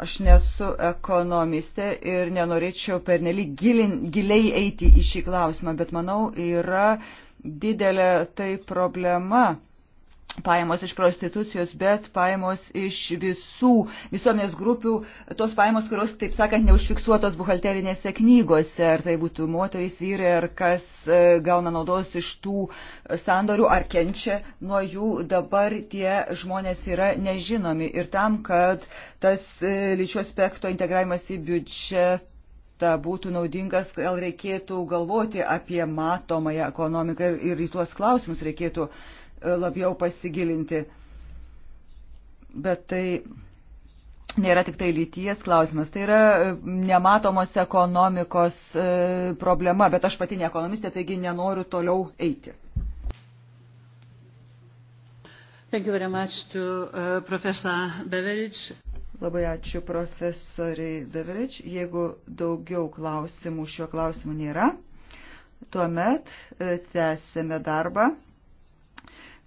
Aš nesu ekonomistė ir nenorėčiau pernelyg giliai eiti į šį klausimą, bet manau yra didelė tai problema pajamos iš prostitucijos, bet pajamos iš visų visuomenės grupių, tos pajamos, kurios, taip sakant, neužfiksuotos buhalterinėse knygose, ar tai būtų moterys, vyrai, ar kas e, gauna naudos iš tų sandorių, ar kenčia nuo jų, dabar tie žmonės yra nežinomi. Ir tam, kad tas e, lyčių aspekto integravimas į biudžetą ta būtų naudingas, gal reikėtų galvoti apie matomąją ekonomiką ir, ir į tuos klausimus reikėtų uh, E, labiau pasigilinti. Bet tai nėra tik tai lyties klausimas, tai yra e, nematomos ekonomikos e, problema, bet aš pati ne ekonomistė, taigi nenoriu toliau eiti. Thank you very much to uh, Professor Beveridge. Labai ačiū profesoriai Beveridge. Jeigu daugiau klausimų šiuo klausimu nėra, tuomet tęsėme darbą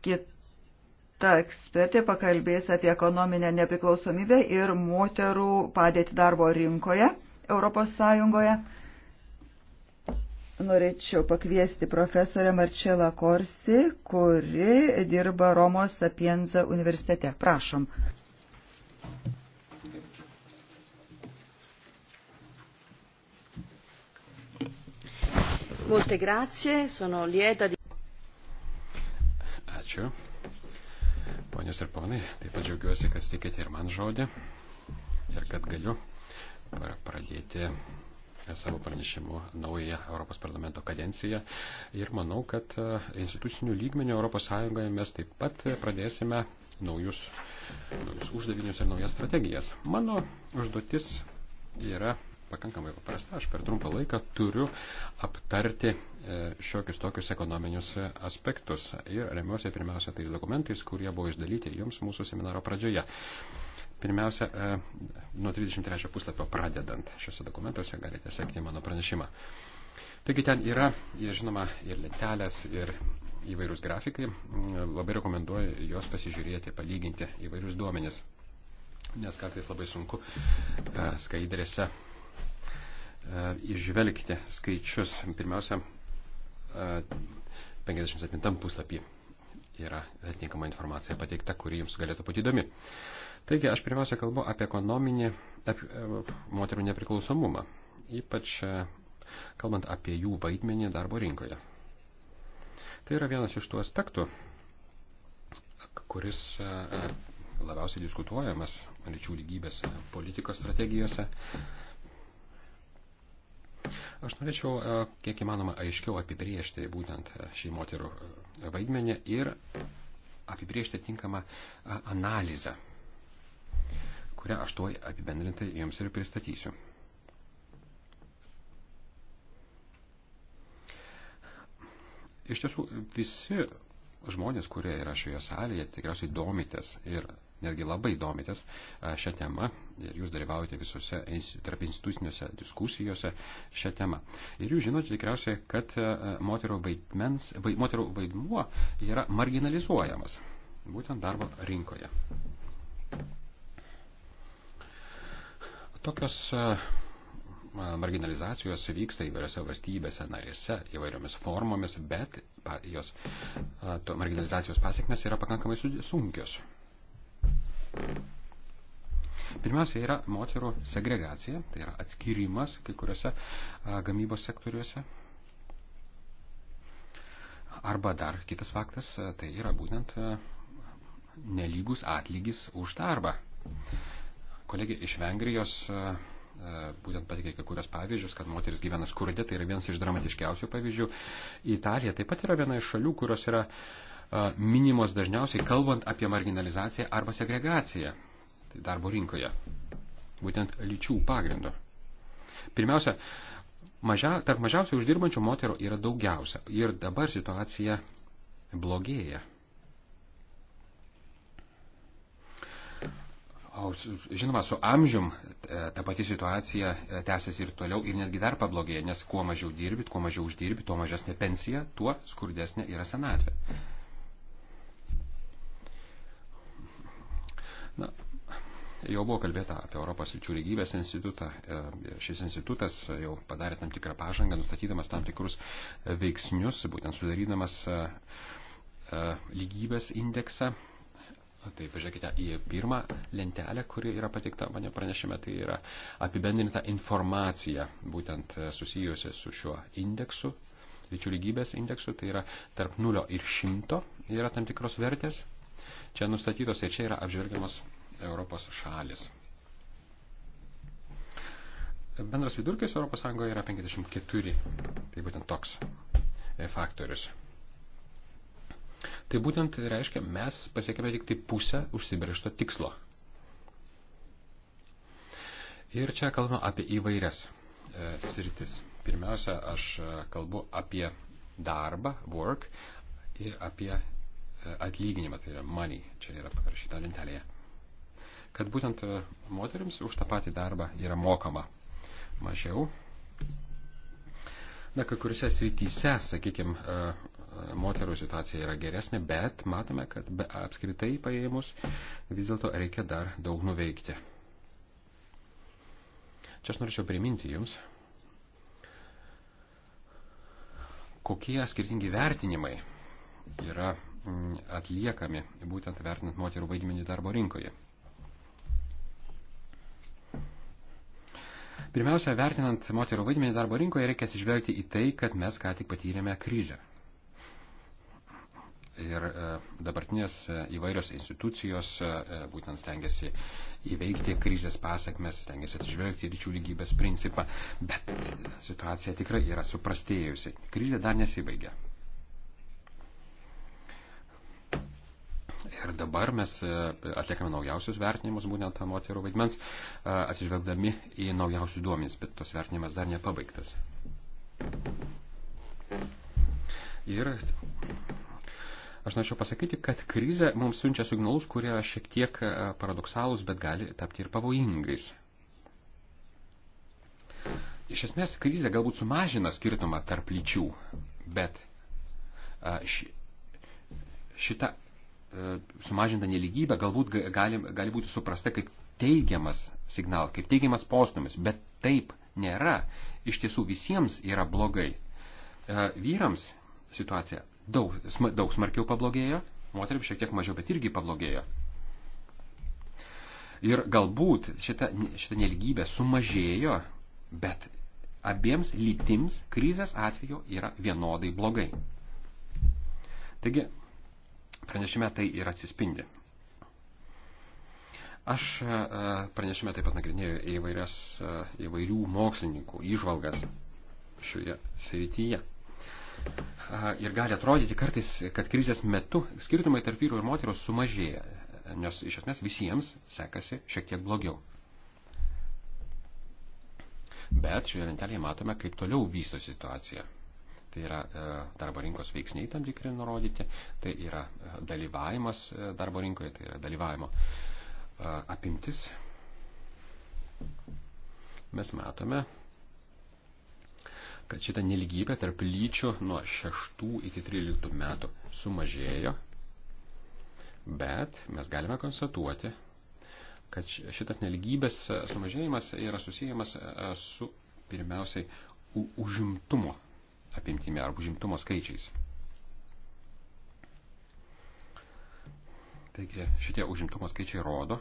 kita ekspertė pakalbės apie ekonominę nepriklausomybę ir moterų padėti darbo rinkoje Europos Sąjungoje. Norėčiau pakviesti profesorę Marčelą Korsi, kuri dirba Romos Sapienza universitete. Prašom. Molte grazie, sono lieta di... Ačiū. Ponios ir ponai, taip pat džiaugiuosi, kad tikite ir man žodį ir kad galiu pradėti e, savo pranešimu naują Europos parlamento kadenciją. Ir manau, kad e, institucinių lygmenių ES mes taip pat pradėsime naujus, naujus uždavinius ir naujas strategijas. Mano užduotis yra pakankamai paprasta. Aš per trumpą laiką turiu aptarti E, šiokius tokius ekonominius aspektus ir remiuosi pirmiausia tais dokumentais, kurie buvo išdalyti jums mūsų seminaro pradžioje. Pirmiausia, e, nuo 33 puslapio pradedant šiuose dokumentuose galite sekti mano pranešimą. Taigi ten yra, ir e, žinoma, ir lentelės, ir įvairūs grafikai. Labai rekomenduoju juos pasižiūrėti, palyginti įvairius duomenis, nes kartais labai sunku skaidrėse išvelgti skaičius. Pirmiausia, 57 puslapį yra atitinkama informacija pateikta, kuri jums galėtų būti įdomi. Taigi, aš pirmiausia kalbu apie ekonominį apie, e, moterų nepriklausomumą, ypač e, kalbant apie jų vaidmenį darbo rinkoje. Tai yra vienas iš tų aspektų, kuris e, labiausiai diskutuojamas lyčių lygybės politikos strategijose. Aš norėčiau e, kiek įmanoma aiškiau apibriežti būtent e, šį moterų e, vaidmenį ir apibriežti tinkamą analizę, kurią aš tuoj apibendrintai jums ir pristatysiu. Iš tiesų, visi žmonės, kurie yra šioje salėje, tikriausiai domitės ir netgi labai domitės e, šią temą ir jūs dalyvaujate visose tarp institucinėse diskusijose šią temą. Ir jūs žinote tikriausiai, kad e, moterų, vaidmens, vai, moterų vaidmuo yra marginalizuojamas būtent darbo rinkoje. Tokios e, marginalizacijos vyksta įvairiose valstybėse, narėse, įvairiomis formomis, bet jos to marginalizacijos pasiekmes yra pakankamai sunkios. Pirmiausia yra moterų segregacija, tai yra atskirimas kai kuriuose gamybos sektoriuose. Arba dar kitas faktas, tai yra būtent nelygus atlygis už darbą. Kolegė iš Vengrijos būtent pateikė kai kurios pavyzdžius, kad moteris gyvena skurdė, tai yra vienas iš dramatiškiausių pavyzdžių. Italija taip pat yra viena iš šalių, kurios yra uh, E, minimos dažniausiai kalbant apie marginalizaciją arba segregaciją tai darbo rinkoje, būtent lyčių pagrindu. Pirmiausia, mažia, tarp mažiausiai uždirbančių moterų yra daugiausia ir dabar situacija blogėja. O, žinoma, su amžium e, ta pati situacija e, tęsiasi ir toliau ir netgi dar pablogėja, nes kuo mažiau dirbi, kuo mažiau uždirbi, tuo mažesnė pensija, tuo skurdesnė yra senatvė. Na, jau buvo kalbėta apie Europos lyčių lygybės institutą. E, šis institutas jau padarė tam tikrą pažangą, nustatydamas tam tikrus e, veiksnius, būtent sudarydamas e, lygybės indeksą. Tai pažiūrėkite į pirmą lentelę, kuri yra patikta mane pranešime, tai yra apibendrinta informacija, būtent susijusi su šiuo indeksu, lyčių lygybės indeksu, tai yra tarp 0 ir 100 yra tam tikros vertės, čia nustatytos ir čia yra apžvelgiamos Europos šalis. Bendras vidurkis ES yra 54. Tai būtent toks e, faktorius. Tai būtent reiškia, mes pasiekėme tik tai pusę užsibriešto tikslo. Ir čia kalbame apie įvairias e, sritis. Pirmiausia, aš e, kalbu apie darbą, work, ir apie atlyginimą, tai yra money, čia yra parašyta lentelėje. Kad būtent e, moteriams už tą patį darbą yra mokama mažiau. Na, kai kuriuose srityse, sakykime, e, moterų situacija yra geresnė, bet matome, kad be apskritai paėmus vis dėlto reikia dar daug nuveikti. Čia aš norėčiau priminti Jums, kokie skirtingi vertinimai yra Mm, atliekami, būtent vertinant moterų vaidmenį darbo rinkoje. Pirmiausia, vertinant moterų vaidmenį darbo rinkoje, reikia atsižvelgti į tai, kad mes ką tik patyrėme krizę. Ir e, dabartinės e, įvairios institucijos e, būtent stengiasi įveikti krizės pasakmes, stengiasi atsižvelgti į lyčių lygybės principą, bet situacija tikrai yra suprastėjusi. Krizė dar nesibaigė. Ir dabar mes e, atliekame naujausius vertinimus būtent tą moterų vaidmens, e, atsižvelgdami į naujausius duomenys, bet tos vertinimas dar nepabaigtas. Ir aš norėčiau pasakyti, kad krizė mums siunčia signalus, kurie šiek tiek e, paradoksalūs, bet gali tapti ir pavojingais. Iš esmės, krizė galbūt sumažina skirtumą tarp lyčių, bet ši, šita E, sumažinta neligybė galbūt gali, gali būti suprasta kaip teigiamas signalas, kaip teigiamas postumis, bet taip nėra. Iš tiesų visiems yra blogai. E, vyrams situacija daug, sm daug smarkiau pablogėjo, moteriams šiek tiek mažiau, bet irgi pablogėjo. Ir galbūt šita, šita nelgybė sumažėjo, bet abiems lytims krizės atveju yra vienodai blogai. Taigi pranešime tai ir atsispindi. Aš e, pranešime taip pat nagrinėjau įvairias, e, įvairių mokslininkų įžvalgas šioje srityje. E, ir gali atrodyti kartais, kad krizės metu skirtumai tarp vyrų ir moterų sumažėja, nes iš esmės visiems sekasi šiek tiek blogiau. Bet šioje lentelėje matome, kaip toliau vysto situacija tai yra e, darbo rinkos veiksniai tam tikri nurodyti, tai yra e, dalyvavimas e, darbo rinkoje, tai yra dalyvavimo apimtis. Mes matome, kad šita neligybė tarp lyčių nuo 6 iki 13 metų sumažėjo, bet mes galime konstatuoti, kad šitas neligybės sumažėjimas yra susijimas su pirmiausiai užimtumo apimtimi ar užimtumo skaičiais. Taigi šitie užimtumo skaičiai rodo,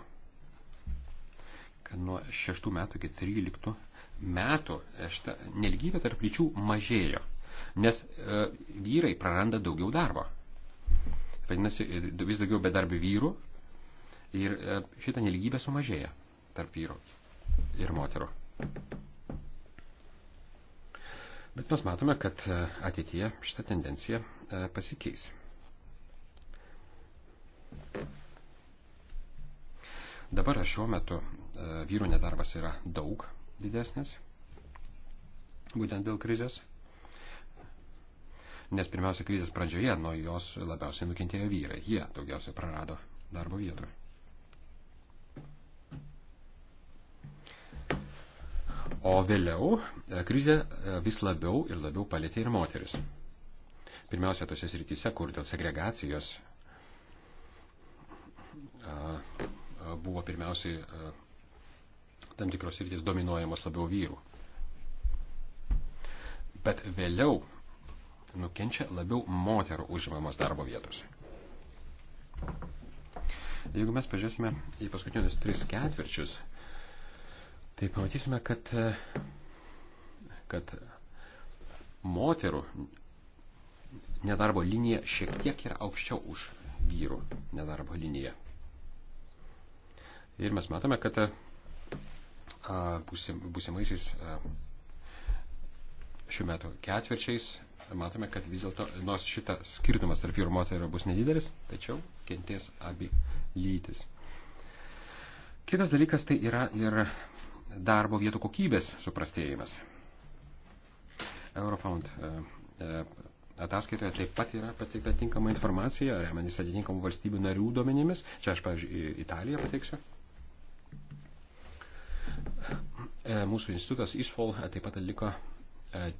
kad nuo 6 metų iki 13 metų šita nelgybė tarp lyčių mažėjo, nes e, vyrai praranda daugiau darbo. Vadinasi, e, vis daugiau bedarbių vyrų ir e, šita nelgybė sumažėja tarp vyrų ir moterų. Bet mes matome, kad e, ateityje šitą tendenciją e, pasikeis. Dabar šiuo metu e, vyrų nedarbas yra daug didesnis, būtent dėl krizės, nes pirmiausia krizės pradžioje nuo jos labiausiai nukentėjo vyrai, jie daugiausiai prarado darbo vietų. O vėliau e, krizė e, vis labiau ir labiau palėtė ir moteris. Pirmiausia, tose srityse, kur dėl segregacijos buvo pirmiausiai tam tikros sritys dominuojamos labiau vyrų. Bet vėliau nukenčia labiau moterų užimamos darbo vietos. Jeigu mes pažiūrėsime į paskutinius tris ketvirčius, tai pamatysime, kad, kad moterų nedarbo linija šiek tiek yra aukščiau už vyrų nedarbo liniją. Ir mes matome, kad būsimaisiais šių metų ketvirčiais matome, kad vis dėlto, nors šitas skirtumas tarp vyrų moterų bus nedidelis, tačiau kentės abi lytis. Kitas dalykas tai yra ir darbo vietų kokybės suprastėjimas. Eurofound e, e, ataskaitoje taip pat yra pateikta tinkama informacija, remiantis atitinkamų valstybių narių duomenimis. Čia aš, pavyzdžiui, Italiją pateiksiu. E, mūsų institutas ISFOL taip pat atliko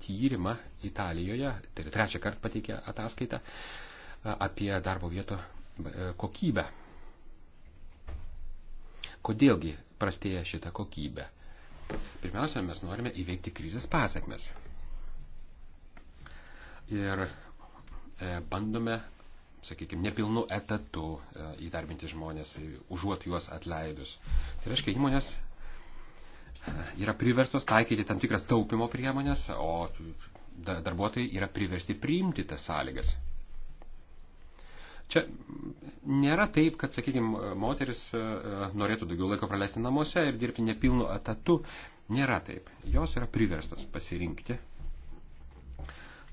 tyrimą Italijoje, tai yra trečią kartą pateikė ataskaitą apie darbo vietų kokybę. Kodėlgi prastėja šita kokybė? Pirmiausia, mes norime įveikti krizės pasiekmes. Ir e, bandome, sakykime, nepilnu etatu e, įdarbinti žmonės, e, užuot juos atleidus. Tai reiškia, įmonės e, yra priverstos taikyti tam tikras taupimo priemonės, o darbuotojai yra priversti priimti tas sąlygas. Čia nėra taip, kad, sakykime, moteris e, norėtų daugiau laiko praleisti namuose ir dirbti nepilnu atatu. Nėra taip. Jos yra priverstas pasirinkti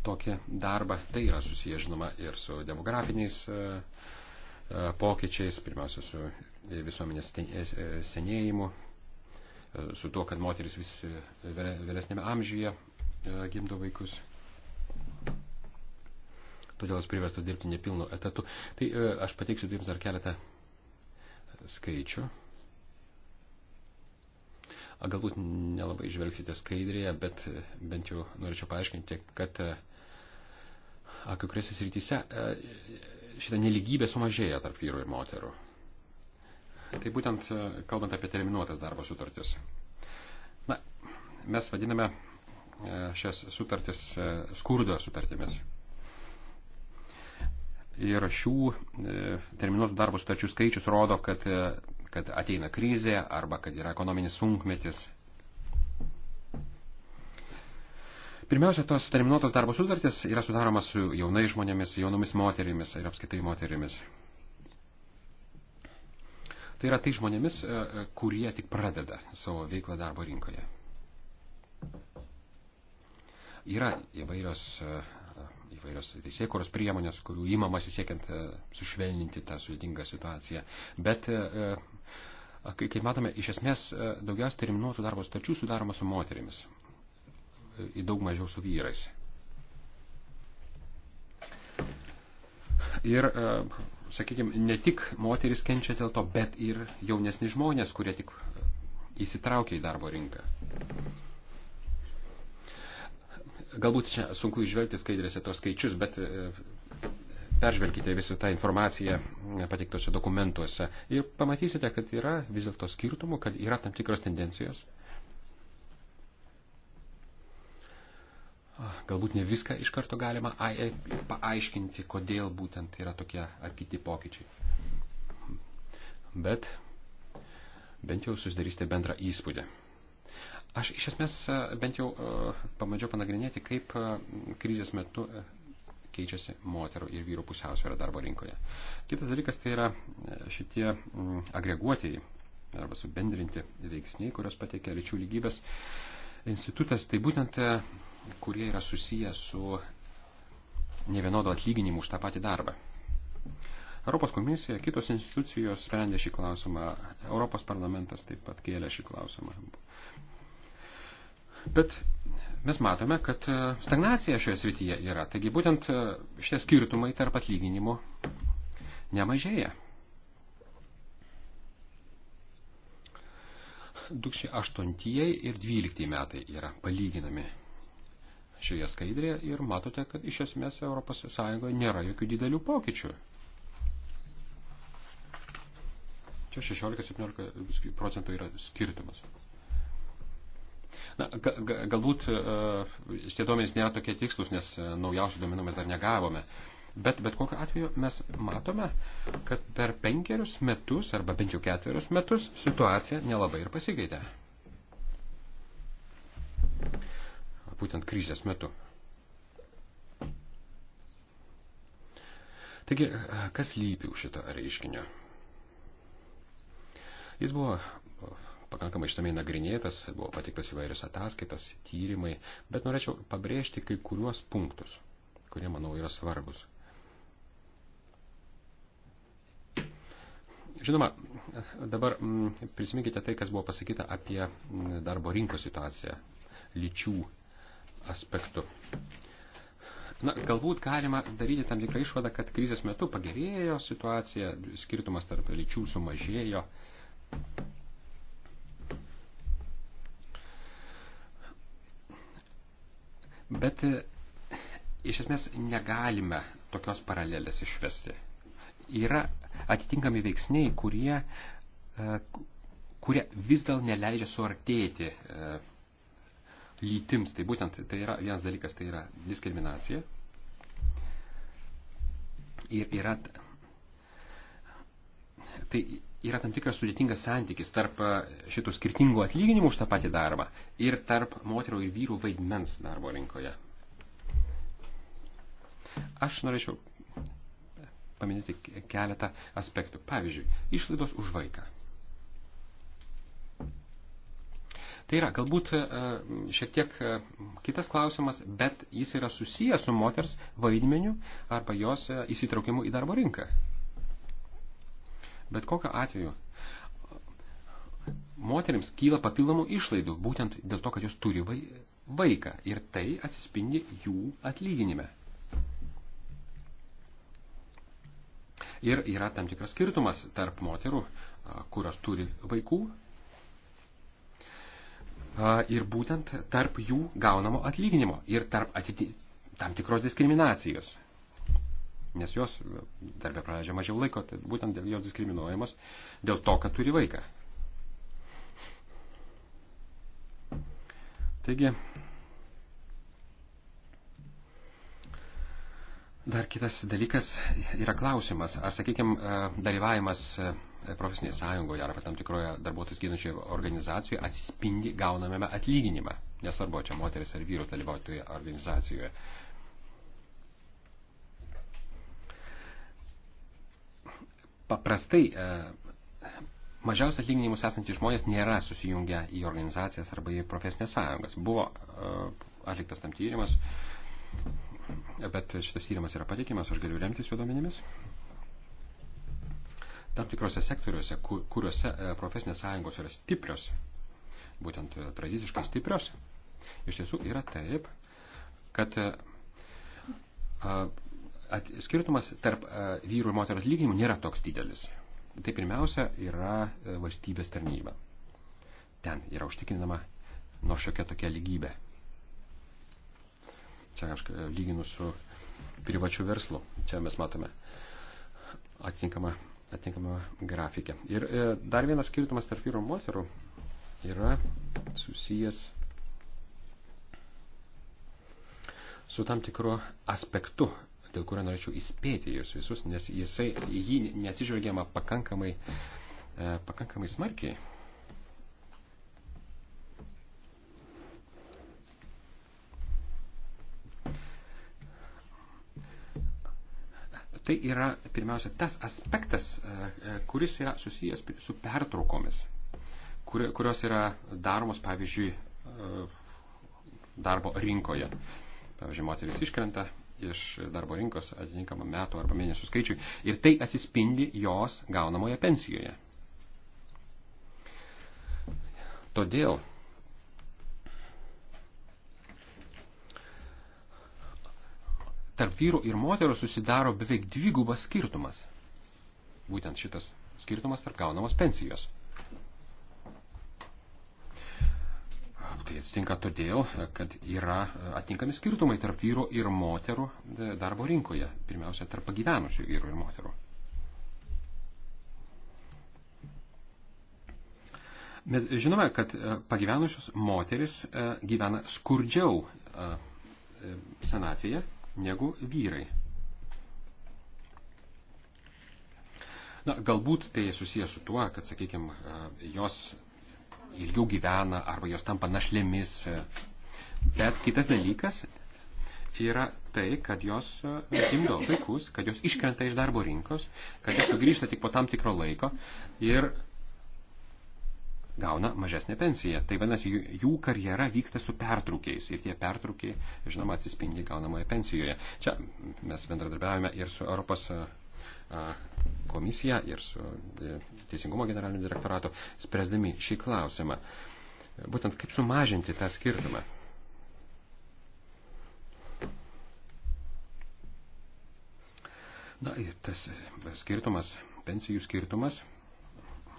tokį darbą. Tai yra susiję, žinoma, ir su demografiniais e, e, pokyčiais, pirmiausia, su visuomenės senėjimu, su tuo, kad moteris vis vėlesnėme amžiuje gimdo vaikus todėl jis priverstas dirbti nepilnu etatu. Tai e, aš pateiksiu jums dar keletą skaičių. Galbūt nelabai žvelgsite skaidrėje, bet e, bent jau norėčiau paaiškinti, kad e, kai kuriuose srityse šitą neligybę sumažėja tarp vyrų ir moterų. Tai būtent kalbant apie terminuotas darbo sutartis. Na, mes vadiname šias sutartis skurdo sutartimis. Ir šių e, terminuotų darbo sutarčių skaičius rodo, kad, e, kad ateina krizė arba kad yra ekonominis sunkmetis. Pirmiausia, tos terminuotos darbo sutartys yra sudaromas su jaunais žmonėmis, jaunomis moterimis ir apskaitai moterimis. Tai yra tai žmonėmis, e, kurie tik pradeda savo veiklą darbo rinkoje. Yra įvairios įvairios teisėkuros priemonės, kurių įmamasi siekiant e, sušvelninti tą sudėtingą situaciją. Bet, e, e, kai, kai matome, iš esmės daugiausia terminuotų darbo stačių sudaroma su moterimis, daug mažiau su vyrais. Ir, sakykime, ne tik moteris kenčia dėl to, bet ir jaunesni žmonės, kurie tik įsitraukia į darbo rinką. Galbūt čia sunku išvelgti skaidrėse tos skaičius, bet e, peržvelkite visą tą informaciją e, pateiktose dokumentuose ir pamatysite, kad yra vis dėlto skirtumų, kad yra tam tikros tendencijos. Galbūt ne viską iš karto galima e, paaiškinti, kodėl būtent yra tokie ar kiti pokyčiai. Bet bent jau susidarysite bendrą įspūdį. Aš iš esmės e, bent jau e, pamandžiau panagrinėti, kaip e, krizės metu keičiasi moterų ir vyrų pusiausvėra darbo rinkoje. Kitas dalykas tai yra šitie agreguotieji arba subendrinti veiksniai, kurios pateikia lyčių lygybės institutas, tai būtent kurie yra susiję su nevienodo atlyginimu už tą patį darbą. Europos komisija, kitos institucijos sprendė šį klausimą, Europos parlamentas taip pat kėlė šį klausimą. Bet mes matome, kad e, stagnacija šioje srityje yra. Taigi būtent e, šie skirtumai tarp atlyginimų nemažėja. 2008 ir 2012 metai yra palyginami šioje skaidrėje ir matote, kad iš esmės ES nėra jokių didelių pokyčių. Čia 16-17 procentų yra skirtumas. Na, galbūt e, šitie duomenys nėra tokie tikslus, nes e, naujausių duomenų mes dar negavome. Bet, bet kokiu atveju mes matome, kad per penkerius metus arba bent jau ketverius metus situacija nelabai ir pasikeitė. Būtent krizės metu. Taigi, kas lypi už šitą reiškinio? Jis buvo pakankamai išsamei nagrinėtas, buvo patiktas įvairios ataskaitos, tyrimai, bet norėčiau pabrėžti kai kuriuos punktus, kurie, manau, yra svarbus. Žinoma, dabar mm, prisiminkite tai, kas buvo pasakyta apie mm, darbo rinkos situaciją lyčių aspektu. Na, galbūt galima daryti tam tikrą išvadą, kad krizės metu pagerėjo situacija, skirtumas tarp lyčių sumažėjo. Bet e, iš esmės negalime tokios paralelės išvesti. Yra atitinkami veiksniai, kurie, e, kurie vis dėl neleidžia suartėti e, lytims. Tai būtent tai yra vienas dalykas, tai yra diskriminacija. Ir yra. Tai yra tam tikras sudėtingas santykis tarp e, šitų skirtingų atlyginimų už tą patį darbą ir tarp moterų ir vyrų vaidmens darbo rinkoje. Aš norėčiau paminėti keletą aspektų. Pavyzdžiui, išlaidos už vaiką. Tai yra, galbūt e, šiek tiek e, kitas klausimas, bet jis yra susijęs su moters vaidmeniu arba jos įsitraukimu į darbo rinką. Bet kokiu atveju moteriams kyla papildomų išlaidų, būtent dėl to, kad jos turi vaiką ir tai atsispindi jų atlyginime. Ir yra tam tikras skirtumas tarp moterų, kurios turi vaikų ir būtent tarp jų gaunamo atlyginimo ir tarp atiti, tam tikros diskriminacijos nes jos darbę praleidžia mažiau laiko, tai būtent dėl jos diskriminuojamos, dėl to, kad turi vaiką. Taigi, dar kitas dalykas yra klausimas, ar, sakykime, dalyvavimas e, profesinėje sąjungoje arba tam tikroje darbuotojus ginančioje organizacijoje atspindi gaunamame atlyginimą, nesvarbu, čia moteris ar vyru dalyvautoje organizacijoje. paprastai e, mažiausias atlyginimus esantys žmonės nėra susijungę į organizacijas arba į profesinės sąjungas. Buvo e, atliktas tam tyrimas, bet šitas tyrimas yra patikimas, aš galiu remtis jo duomenimis. Tam tikrose sektoriuose, kuriuose e, profesinės sąjungos yra stiprios, būtent tradiciškai stiprios, iš tiesų yra taip, kad at, skirtumas tarp uh, vyrų ir moterų atlyginimų nėra toks didelis. Tai pirmiausia yra uh, valstybės tarnyba. Ten yra užtikrinama nors šiokia tokia lygybė. Čia aš e, lyginu su privačiu verslu. Čia mes matome atitinkamą, atitinkamą grafikę. Ir e, dar vienas skirtumas tarp vyrų ir moterų yra susijęs su tam tikru aspektu dėl kurio norėčiau įspėti jūs visus, nes jisai, jį neatsižvelgiama pakankamai, e, pakankamai smarkiai. Tai yra pirmiausia tas aspektas, e, e, kuris yra susijęs su pertraukomis, kurios yra daromos, pavyzdžiui, darbo rinkoje. Pavyzdžiui, moteris iškrenta iš darbo rinkos atitinkamą metų arba mėnesių skaičiui ir tai atsispindi jos gaunamoje pensijoje. Todėl tarp vyrų ir moterų susidaro beveik dvigubas skirtumas. Būtent šitas skirtumas tarp gaunamos pensijos. Tai atsitinka todėl, kad yra e, atinkami skirtumai tarp vyro ir moterų e, darbo rinkoje. Pirmiausia, tarp pagyvenusių vyro ir moterų. Mes žinome, kad e, pagyvenusios moteris gyvena skurdžiau senatvėje negu vyrai. Na, galbūt tai susijęs su tuo, kad, sakykime, jos ilgiau gyvena arba jos tampa našlėmis. Bet kitas dalykas yra tai, kad jos e, gimdo vaikus, kad jos iškrenta iš darbo rinkos, kad jos sugrįžta tik po tam tikro laiko ir gauna mažesnę pensiją. Tai vadinasi, jų karjera vyksta su pertraukiais ir tie pertraukiai, žinoma, atsispindi gaunamoje pensijoje. Čia mes bendradarbiavame ir su Europos e, komisija ir su e, Teisingumo generaliniu direktoratu, spręsdami šį klausimą. Būtent kaip sumažinti tą skirtumą. Na ir tas skirtumas, pensijų skirtumas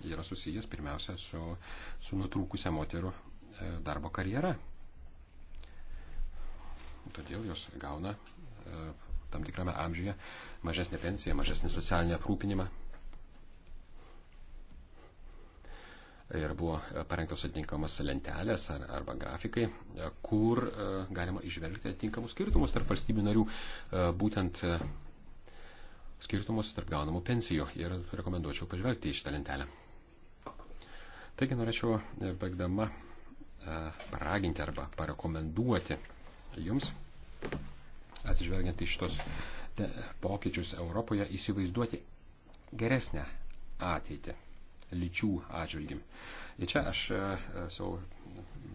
yra susijęs pirmiausia su, su nutrūkusią moterų e, darbo karjera. Todėl jos gauna e, tam tikrame amžiuje, mažesnė pensija, mažesnį socialinį aprūpinimą. Ir buvo parengtos atitinkamas lentelės ar, arba grafikai, kur e, galima išvelgti atitinkamus skirtumus tarp valstybių narių, e, būtent e, skirtumus tarp gaunamų pensijų. Ir rekomenduočiau pažvelgti į šitą lentelę. Taigi norėčiau, baigdama, paraginti arba parekomenduoti jums atsižvelgiant į šitos pokyčius Europoje, įsivaizduoti geresnę ateitį lyčių atžvilgim. Ir čia aš e, e, savo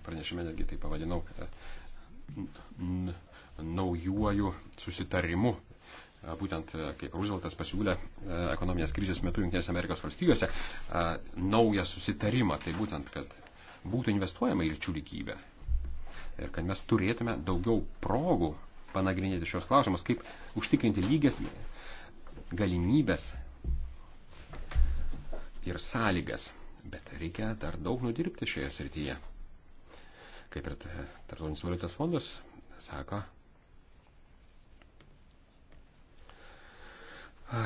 pranešime netgi tai pavadinau e, naujuoju susitarimu. Būtent kaip Rooseveltas pasiūlė ekonominės krizės metu Junktinės Amerikos valstijose naują susitarimą, tai būtent, kad būtų investuojama į lyčių lygybę. Ir kad mes turėtume daugiau progų panagrinėti šios klausimus, kaip užtikrinti lygias galimybės ir sąlygas. Bet reikia dar daug nudirbti šioje srityje. Kaip ir Tartonis valiutos fondas sako,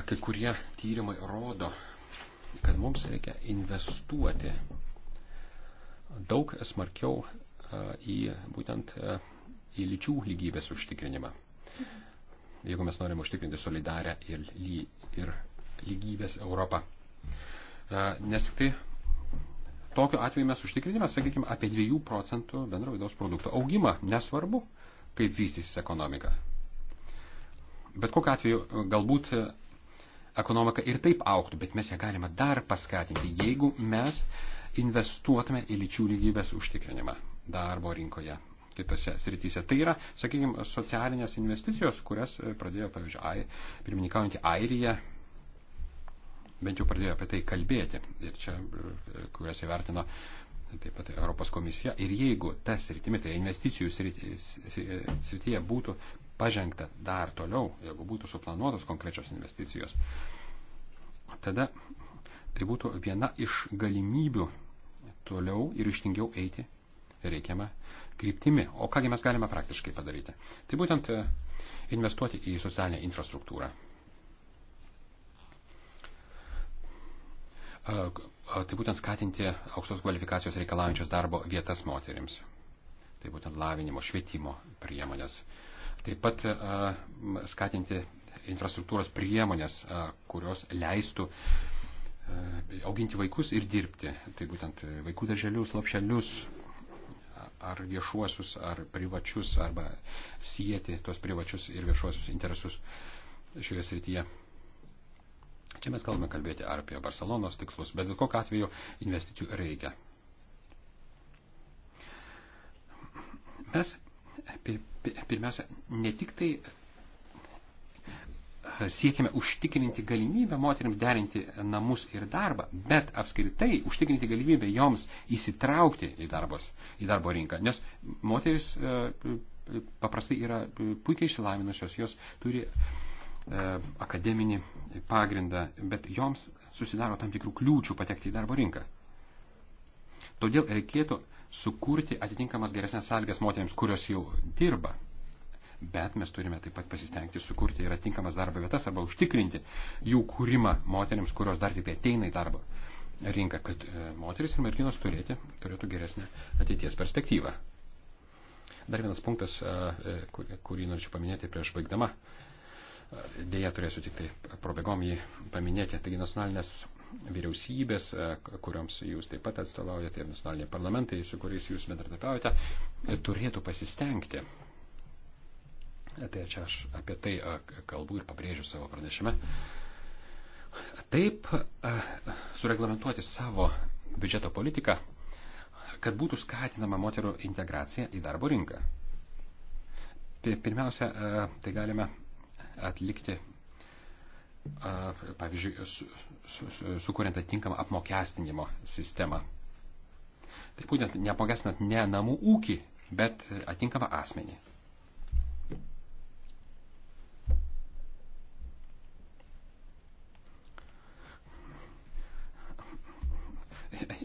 kai kurie tyrimai rodo, kad mums reikia investuoti daug smarkiau į būtent į lyčių lygybės užtikrinimą. Jeigu mes norim užtikrinti solidarę ir, ly, ir lygybės Europą. E, nes tik tai tokiu atveju mes užtikrinime, sakykime, apie 2 procentų bendro vidaus produkto augimą, nesvarbu, kaip vystysis ekonomika. Bet kokiu atveju e, galbūt e, ekonomika ir taip auktų, bet mes ją galime dar paskatinti, jeigu mes investuotume į lyčių lygybės užtikrinimą darbo rinkoje, kitose srityse. Tai yra, sakykime, socialinės investicijos, kurias e, pradėjo, pavyzdžiui, ai, pirmininkaujantį Airiją, bent jau pradėjo apie tai kalbėti. Ir čia, e, kurias įvertino taip pat Europos komisija. Ir jeigu tas sritimi, tai investicijų srityje būtų pažengta dar toliau, jeigu būtų suplanuotos konkrečios investicijos, tada tai būtų viena iš galimybių toliau ir ištingiau eiti reikiamą kryptimį. O kągi mes galime praktiškai padaryti? Tai būtent e, investuoti į socialinę infrastruktūrą. E, e, tai būtent skatinti aukštos kvalifikacijos reikalaujančios darbo vietas moterims. Tai būtent lavinimo, švietimo priemonės. Taip pat skatinti infrastruktūros priemonės, kurios leistų auginti vaikus ir dirbti. Tai būtent vaikų darželius, lopšelius, ar viešuosius, ar privačius, arba sieti tos privačius ir viešuosius interesus šioje srityje. Čia mes kalbame kalbėti ar apie Barcelonos tikslus, bet bet kokiu atveju investicijų reikia. Mes pirmiausia ne tik tai siekiame užtikrinti galimybę moteriams derinti namus ir darbą, bet apskritai užtikrinti galimybę joms įsitraukti į, darbos, į darbo rinką. Nes moteris e, e, paprastai yra e, puikiai išsilavinusios, jos turi akademinį pagrindą, bet joms susidaro tam tikrų kliūčių patekti į darbo rinką. Todėl reikėtų sukurti atitinkamas geresnės sąlygas moteriams, kurios jau dirba bet mes turime taip pat pasistengti sukurti ir atinkamas darbo vietas arba užtikrinti jų kūrimą moteriams, kurios dar tik tai ateina į darbą rinką, kad e, moteris ir merginos turėti, turėtų geresnę ateities perspektyvą. Dar vienas punktas, e, e, kurį norėčiau paminėti prieš baigdama. Dėja turėsiu tik tai probėgom jį paminėti. Taigi nacionalinės vyriausybės, kuriuoms jūs taip pat atstovaujate ir nacionaliniai parlamentai, su kuriais jūs bendradarbiaujate, turėtų pasistengti Tai čia aš apie tai kalbu ir pabrėžiu savo pranešime. Taip sureglamentuoti savo biudžeto politiką, kad būtų skatinama moterų integracija į darbo rinką. Pirmiausia, tai galime atlikti, pavyzdžiui, sukuriant atitinkamą apmokestinimo sistemą. Tai būtent neapmokestinant ne namų ūkį, bet atitinkamą asmenį.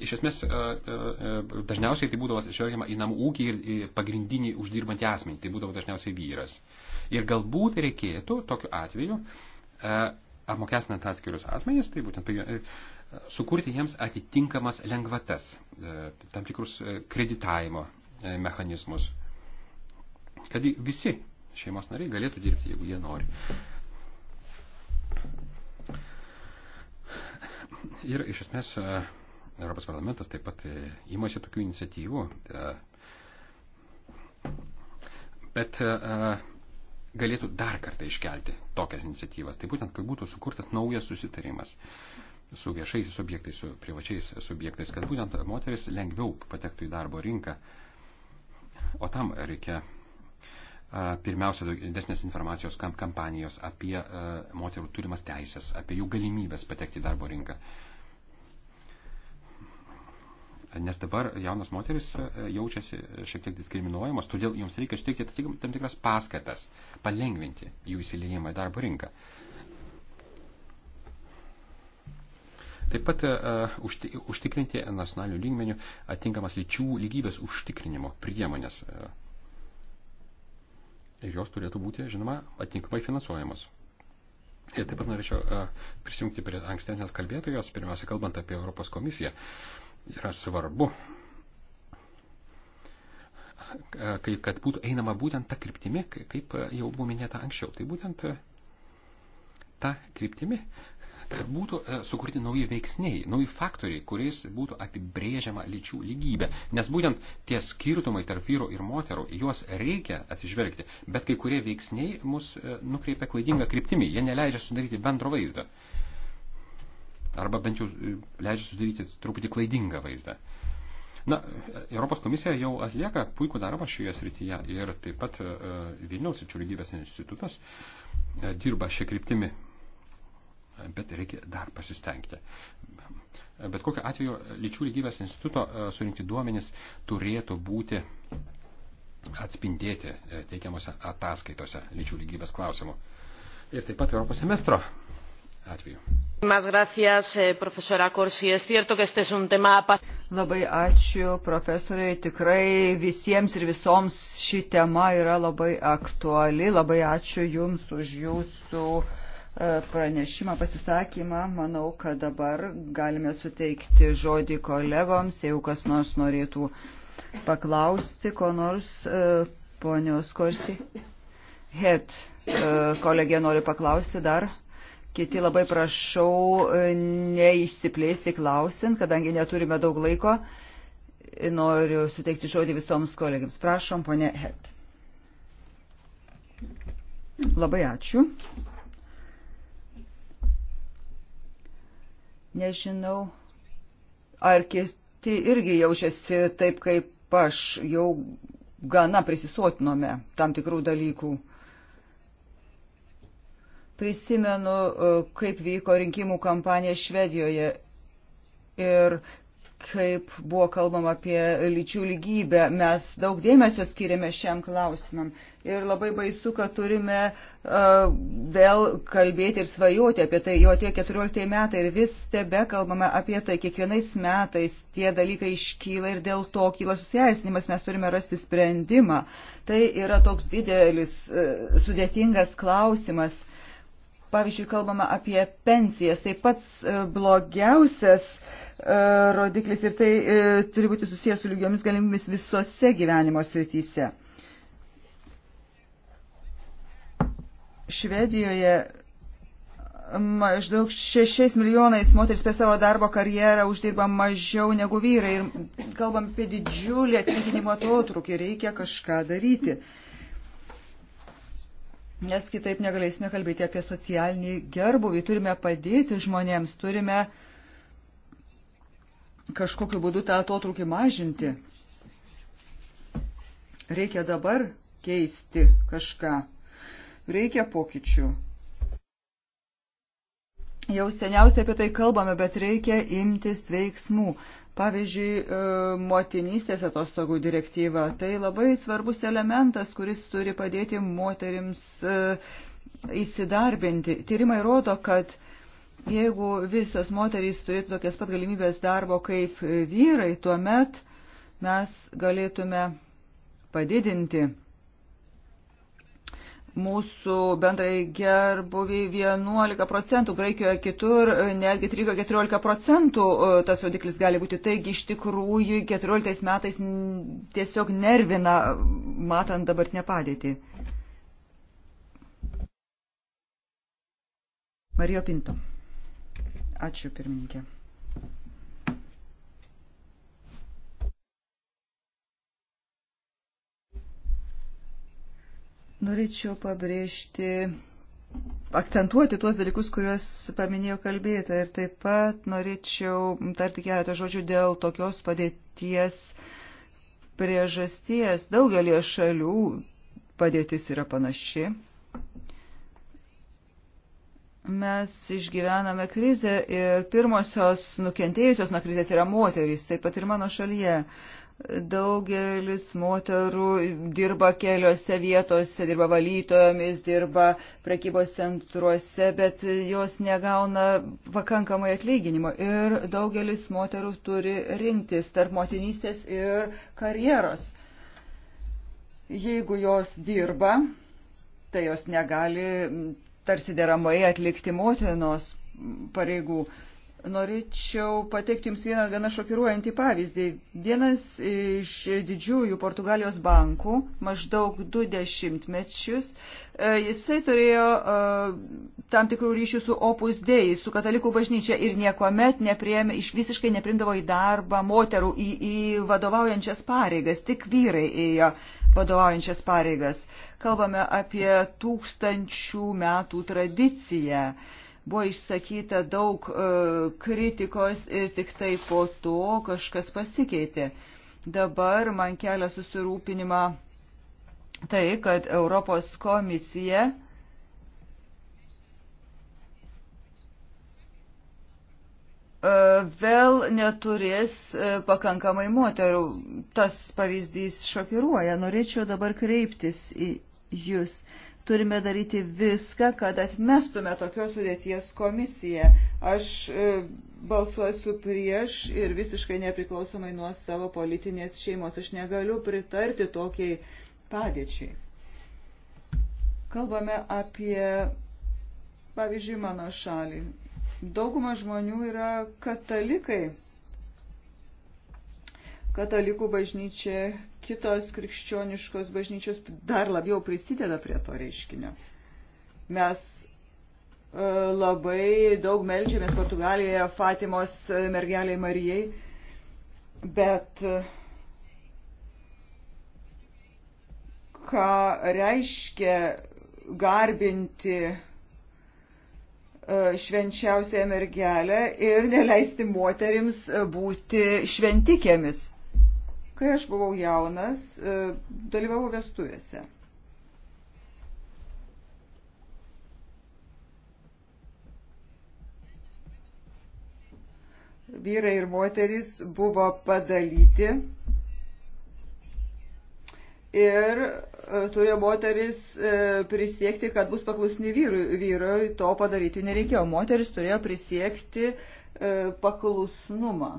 iš esmės e, e, e, dažniausiai tai būdavo atsižvelgiama į namų ūkį ir į pagrindinį uždirbantį asmenį, tai būdavo dažniausiai vyras. Ir galbūt reikėtų tokiu atveju apmokestinant atskirius asmenys, tai būtent sukurti jiems atitinkamas lengvatas, tam tikrus kreditavimo mechanizmus, kad visi šeimos nariai galėtų dirbti, jeigu jie nori. Ir iš esmės Europos parlamentas taip pat įmasi e, tokių iniciatyvų. E, bet e, galėtų dar kartą iškelti tokias iniciatyvas. Tai būtent, kad būtų sukurtas naujas susitarimas su viešais subjektais, su privačiais subjektais, kad būtent moteris lengviau patektų į darbo rinką. O tam reikia pirmiausia didesnės informacijos kampanijos apie moterų turimas teisės, apie jų galimybės patekti į darbo rinką. Nes dabar jaunos moteris e, e, jaučiasi e, šiek tiek diskriminuojamos, todėl joms reikia suteikti tam tikras paskatas, palengvinti jų įsileimą į darbo rinką. Taip pat uh, užtikrinti nacionalinių lygmenių atinkamas lyčių lygybės užtikrinimo priemonės. Ir jos turėtų būti, žinoma, atinkamai finansuojamos. Ir taip pat norėčiau uh, prisijungti prie ankstesnės kalbėtojos, pirmiausia, kalbant apie Europos komisiją. Uh, yra svarbu, kad būtų einama būtent tą kryptimį, kaip jau buvo minėta anksčiau. Tai būtent tą kryptimį būtų e, sukurti nauji veiksniai, nauji faktoriai, kuriais būtų apibrėžiama lyčių lygybė. Nes būtent tie skirtumai tarp vyrų ir moterų, juos reikia atsižvelgti, bet kai kurie veiksniai mus e, nukreipia klaidingą kryptimį, jie neleidžia sudaryti bendro vaizdą. Uh, arba bent jau e, leidžia sudaryti truputį klaidingą vaizdą. Na, Europos komisija jau atlieka puikų darbą šioje srityje ir taip pat e, e, Vilniaus ir Čiūrygybės institutas dirba šią kryptimį. Bet reikia dar pasistengti. Bet kokiu atveju lyčių lygybės instituto surinkti duomenys turėtų būti atspindėti teikiamuose ataskaitose lyčių lygybės klausimų. Ir taip pat Europos semestro atveju. Eh, labai ačiū, profesoriai. Tikrai visiems ir visoms ši tema yra labai aktuali. Labai ačiū Jums už Jūsų e, pranešimą, pasisakymą. Manau, kad dabar galime suteikti žodį kolegoms, jeigu kas nors norėtų paklausti, ko nors e, ponios Korsi. Het e, kolegė nori paklausti dar. Kiti labai prašau e, neišsiplėsti klausint, kadangi neturime daug laiko. Noriu suteikti žodį visoms kolegiams. Prašom, ponė Het. Labai ačiū. Nežinau, ar kiti irgi jaučiasi taip kaip aš, jau gana prisisotinome tam tikrų dalykų. Prisimenu, e, kaip vyko rinkimų kampanija Švedijoje ir kaip buvo kalbama apie lyčių lygybę. Mes daug dėmesio skiriame šiam klausimam. Ir labai baisu, kad turime uh, vėl kalbėti ir svajoti apie tai. Jo tie 14 metai ir vis tebe kalbame apie tai. Kiekvienais metais tie dalykai iškyla ir dėl to kyla susijęsinimas. Mes turime rasti sprendimą. Tai yra toks didelis, uh, sudėtingas klausimas. Pavyzdžiui, kalbama apie pensijas. Tai pats e, blogiausias e, rodiklis ir tai e, turi būti susijęs su lygiomis galimybėmis visose gyvenimo srityse. Švedijoje maždaug 6 milijonais moteris per savo darbo karjerą uždirba mažiau negu vyrai ir kalbam apie didžiulį atlyginimo atotrukį, reikia kažką daryti. Uh, nes kitaip negalėsime kalbėti apie socialinį gerbuvį. Turime padėti žmonėms, turime kažkokiu būdu tą atotrukį mažinti. Reikia dabar keisti kažką. Reikia pokyčių. Jau seniausiai apie tai kalbame, bet reikia imtis veiksmų. Pavyzdžiui, e, motinystės atostogų direktyva - tai labai svarbus elementas, kuris turi padėti moterims e, įsidarbinti. Tyrimai rodo, kad jeigu visos moterys turėtų tokias pat galimybės darbo kaip vyrai, tuomet mes galėtume padidinti mūsų bendrai gerbuvį 11 procentų, Graikijoje kitur netgi 13-14 procentų e, tas rodiklis gali būti. Taigi iš tikrųjų 14 metais tiesiog nervina matant dabartinę padėtį. Marijo Pinto. Ačiū pirmininkė. Norėčiau pabrėžti, akcentuoti tuos dalykus, kuriuos paminėjo kalbėta ir taip pat norėčiau tarti keletą žodžių dėl tokios padėties priežasties. Daugelie šalių padėtis yra panaši. Mes išgyvename krizę ir pirmosios nukentėjusios nuo krizės yra moterys, taip pat ir mano šalyje. Daugelis moterų dirba keliose vietose, dirba valytojomis, dirba prekybos centruose, bet jos negauna pakankamai atlyginimo. Ir daugelis moterų turi rinktis tarp motinystės ir karjeros. Jeigu jos dirba, tai jos negali tarsi deramai atlikti motinos pareigų. Norėčiau pateikti Jums vieną gana šokiruojantį pavyzdį. Vienas iš didžiųjų Portugalijos bankų, maždaug du dešimtmečius, e, jisai turėjo e, tam tikrų ryšių su Opus Dei, su katalikų bažnyčia ir niekuomet nepriėmė, iš visiškai neprimdavo į darbą moterų į, į vadovaujančias pareigas, tik vyrai ėjo vadovaujančias pareigas. Kalbame apie tūkstančių metų tradiciją. Buvo išsakyta daug e, kritikos ir tik tai po to kažkas pasikeitė. Dabar man kelia susirūpinimą tai, kad Europos komisija e, vėl neturės e, pakankamai moterų. Tas pavyzdys šokiruoja. Norėčiau dabar kreiptis į jūs turime daryti viską, kad atmestume tokios sudėties komisiją. Aš e, balsuosiu prieš ir visiškai nepriklausomai nuo savo politinės šeimos. Aš negaliu pritarti tokiai padėčiai. Kalbame apie, pavyzdžiui, mano šalį. Dauguma žmonių yra katalikai. Katalikų bažnyčia kitos krikščioniškos bažnyčios dar labiau prisideda prie to reiškinio. Mes e, labai daug melžiamės Portugalijoje Fatimos e, mergeliai Marijai, bet e, ką reiškia garbinti švenčiausiąją mergelę ir neleisti moterims būti šventikėmis. Kai aš buvau jaunas, e, dalyvavau vestuvėse. Vyrai ir moteris buvo padalyti ir e, turėjo moteris e, prisiekti, kad bus paklusni vyrui. Vyrui to padaryti nereikėjo. Moteris turėjo prisiekti paklusnumą.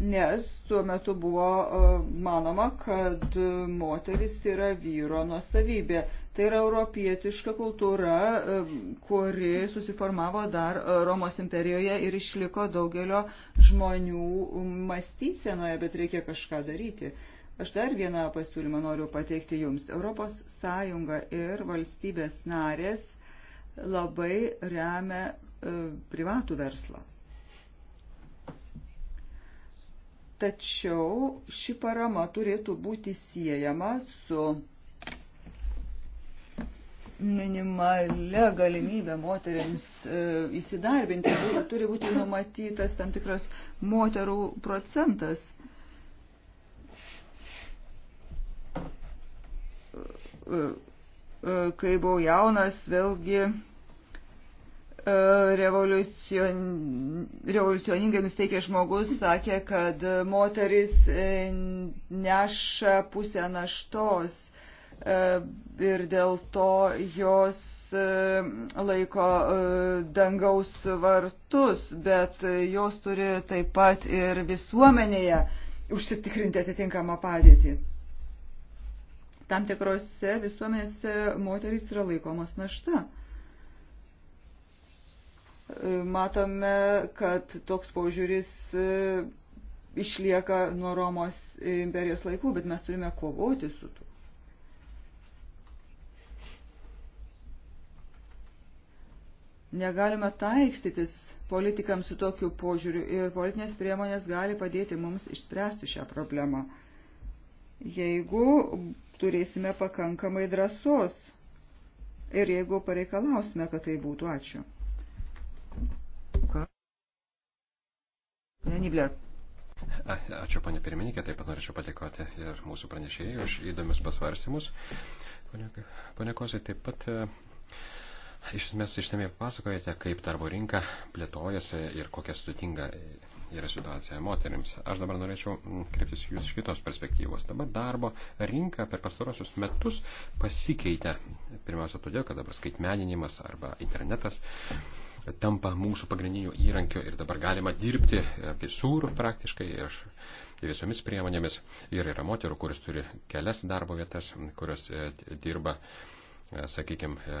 nes tuo metu buvo e, manoma, kad moteris yra vyro nusavybė. Tai yra europietiška kultūra, e, kuri susiformavo dar e, Romos imperijoje ir išliko daugelio žmonių mąstysenoje, bet reikia kažką daryti. Aš dar vieną pasiūlymą noriu pateikti Jums. Europos Sąjunga ir valstybės narės labai remia privatų verslą Tačiau ši parama turėtų būti siejama su minimalia galimybė moteriams e, įsidarbinti. Turi būti numatytas tam tikras moterų procentas. E, e, kai buvau jaunas, vėlgi revoliucioningai nusteikęs žmogus sakė, kad moteris e, neša pusę naštos e, ir dėl to jos e, laiko dangaus vartus, bet jos turi taip pat ir visuomenėje užsitikrinti atitinkamą padėtį. Tam tikrose visuomenėse moteris yra laikomos našta. Uh, matome, kad toks požiūris e, išlieka nuo Romos imperijos laikų, bet mes turime kovoti su tuo. Negalime taikstytis politikams su tokiu požiūriu ir politinės priemonės gali padėti mums išspręsti šią problemą, jeigu turėsime pakankamai drąsos ir jeigu pareikalausime, kad tai būtų. Ačiū. Pane Nibler. Ačiū, ponė pirmininkė, taip pat norėčiau patikoti ir mūsų pranešėjai už įdomius pasvarstymus. Pone Kozai, taip pat e, iš esmės išsamei pasakojate, kaip darbo rinka plėtojasi ir kokia sudėtinga yra situacija moteriams. Aš dabar norėčiau kreiptis jūs iš kitos perspektyvos. Dabar darbo rinka per pastarosius metus pasikeitė. Pirmiausia, todėl, kad dabar skaitmeninimas arba internetas E, tampa mūsų pagrindiniu įrankiu ir dabar galima dirbti e, visur praktiškai ir visomis priemonėmis. Ir yra moterų, kuris turi kelias darbo vietas, kurios e, dirba sakykime,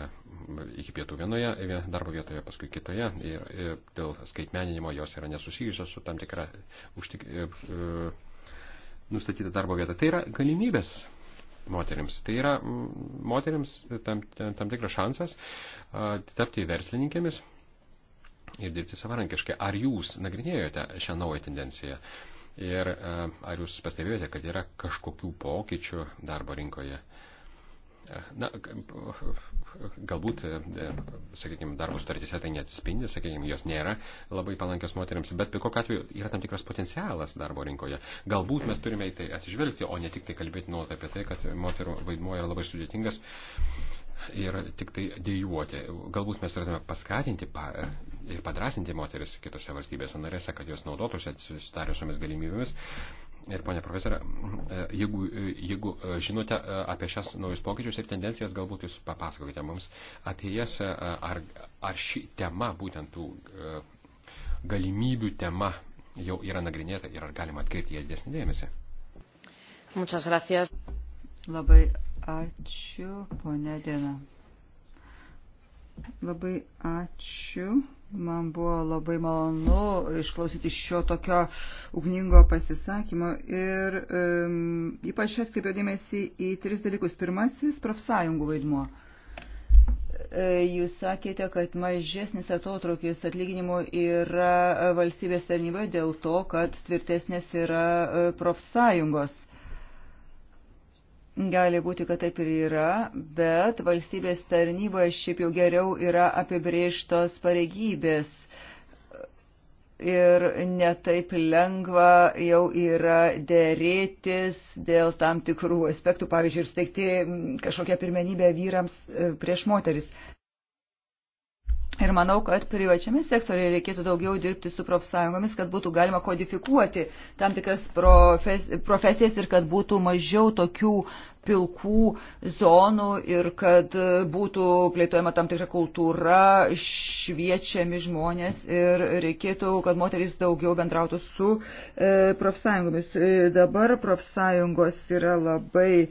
iki pietų vienoje darbo vietoje, paskui kitoje. Ir, ir dėl skaitmeninimo jos yra nesusijusios su tam tikra užtik, nustatyta darbo vieta. Tai yra galimybės moteriams. Tai yra moteriams tam, tam tikras šansas tapti verslininkėmis ir dirbti savarankiškai. Ar jūs nagrinėjote šią naują tendenciją? Ir e, ar jūs pastebėjote, kad yra kažkokių pokyčių darbo rinkoje? E, na, galbūt, e, sakykime, darbo sutartyse tai neatsispindi, sakykime, jos nėra labai palankios moteriams, bet bet kokiu atveju yra tam tikras potencialas darbo rinkoje. Galbūt mes turime į tai atsižvelgti, o ne tik tai kalbėti nuolat apie tai, kad moterų vaidmuo yra labai sudėtingas ir tik tai dėjuoti. Galbūt mes turėtume paskatinti pa, ir padrasinti moteris kitose valstybėse narėse, kad jos naudotųsi susidariusiomis galimybėmis. Ir ponia profesorė, e, jeigu, e, jeigu e, žinote apie šias naujus pokyčius ir tendencijas, galbūt jūs papasakokite mums apie jas, ar, ar ši tema, būtent tų galimybių tema, jau yra nagrinėta ir ar galima atkreipti ją didesnį dėmesį. Muchas gracias. Labai ačiū, ponia Dena. Labai ačiū. Man buvo labai malonu išklausyti šio tokio ugningo pasisakymo ir um, ypač atkreipiau dėmesį į tris dalykus. Pirmasis - profsąjungų vaidmuo. E, jūs sakėte, kad mažesnis atotrukis atlyginimų yra valstybės tarnyboje dėl to, kad tvirtesnės yra e, profsąjungos. Gali būti, kad taip ir yra, bet valstybės tarnyboje šiaip jau geriau yra apibrėžtos pareigybės ir netaip lengva jau yra dėrėtis dėl tam tikrų aspektų, pavyzdžiui, ir suteikti kažkokią pirmenybę vyrams e, prieš moteris. Ir manau, kad privačiame sektorėje reikėtų daugiau dirbti su profsąjungomis, kad būtų galima kodifikuoti tam tikras profes, profesijas ir kad būtų mažiau tokių pilkų zonų ir kad būtų plėtojama tam tikra kultūra, šviečiami žmonės ir reikėtų, kad moteris daugiau bendrautų su e, profsąjungomis. E, dabar profsąjungos yra labai e,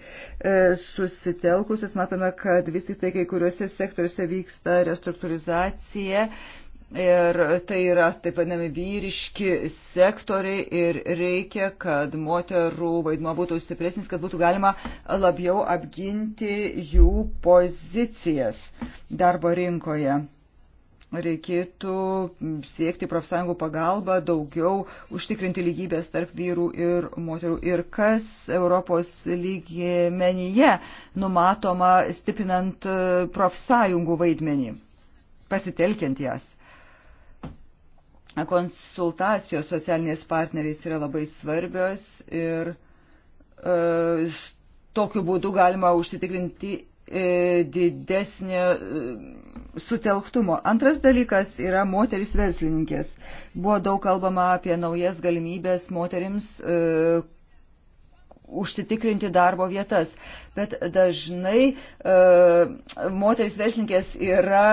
susitelkusios, matome, kad vis tik tai kai kuriuose sektoriuose vyksta restruktūrizacija. E, Ir tai yra taip vadinami vyriški sektoriai ir reikia, kad moterų vaidmo būtų stipresnis, kad būtų galima labiau apginti jų pozicijas darbo rinkoje. Reikėtų siekti profsąjungų pagalbą, daugiau užtikrinti lygybės tarp vyrų ir moterų. Ir kas Europos lygmenyje numatoma stiprinant profsąjungų vaidmenį, pasitelkiant jas konsultacijos socialiniais partneriais yra labai svarbios ir e, tokiu būdu galima užsitikrinti e, didesnį e, sutelktumo. Antras dalykas yra moteris verslininkės. Buvo daug kalbama apie naujas galimybės moterims e, užsitikrinti darbo vietas. Bet dažnai e, moteris verslininkės yra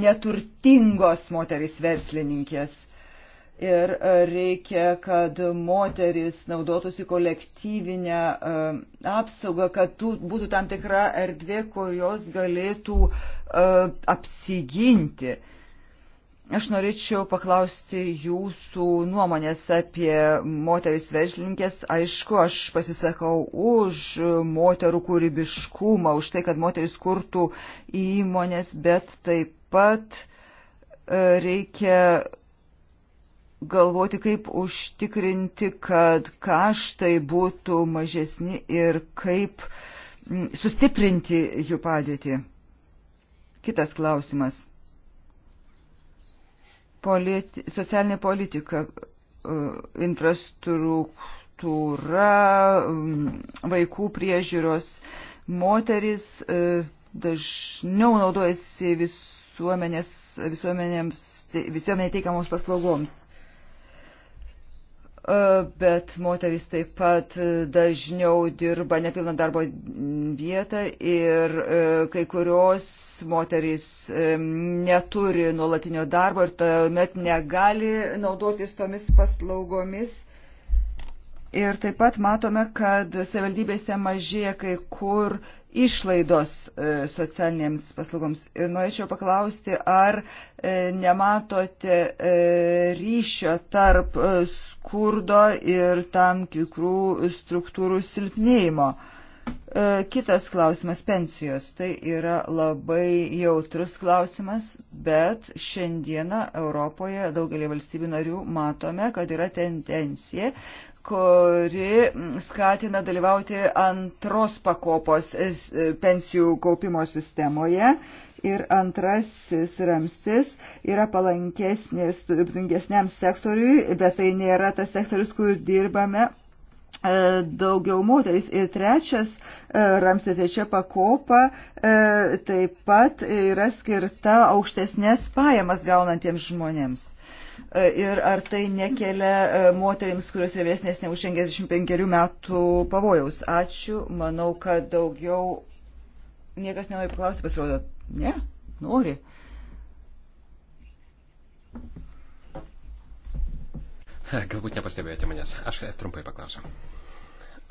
neturtingos moteris verslininkės ir e, reikia, kad moteris naudotųsi kolektyvinę e, apsaugą, kad būtų tam tikra erdvė, kur jos galėtų e, apsiginti. Aš norėčiau paklausti jūsų nuomonės apie moteris verslininkės. Aišku, aš pasisakau už moterų kūrybiškumą, už tai, kad moteris kurtų įmonės, bet taip pat reikia galvoti, kaip užtikrinti, kad kaštai būtų mažesni ir kaip mm, sustiprinti jų padėtį. Kitas klausimas. Politi socialinė politika, e, infrastruktūra, mm, vaikų priežiūros, moteris e, dažniau naudojasi visuomenės, visuomenėms, visuomenė teikiamoms paslaugoms. E, bet moteris taip pat dažniau dirba nepilną darbo vietą ir e, kai kurios moteris e, neturi nuolatinio darbo ir tuomet negali naudotis tomis paslaugomis. Ir taip pat matome, kad savivaldybėse mažėja kai kur išlaidos socialinėms paslaugoms. Ir norėčiau paklausti, ar nematote ryšio tarp skurdo ir tam tikrų struktūrų silpnėjimo. E, kitas klausimas - pensijos. Tai yra labai jautrus klausimas, bet šiandieną Europoje daugelį valstybių narių matome, kad yra tendencija kuri skatina dalyvauti antros pakopos e, pensijų kaupimo sistemoje. Ir antrasis ramstis yra palankesniam sektoriui, bet tai nėra tas sektorius, kur dirbame e, daugiau moteris. Ir trečias e, ramstis, trečia pakopa taip pat yra skirta aukštesnės pajamas gaunantiems žmonėms. E, ir ar tai nekelia e, moterims, kurios yra vyresnės negu 65 metų pavojaus. Ačiū, manau, kad daugiau niekas nenori paklausti, pasirodo, ne, nori. Galbūt nepastebėjote manęs. Aš e, trumpai paklausiu.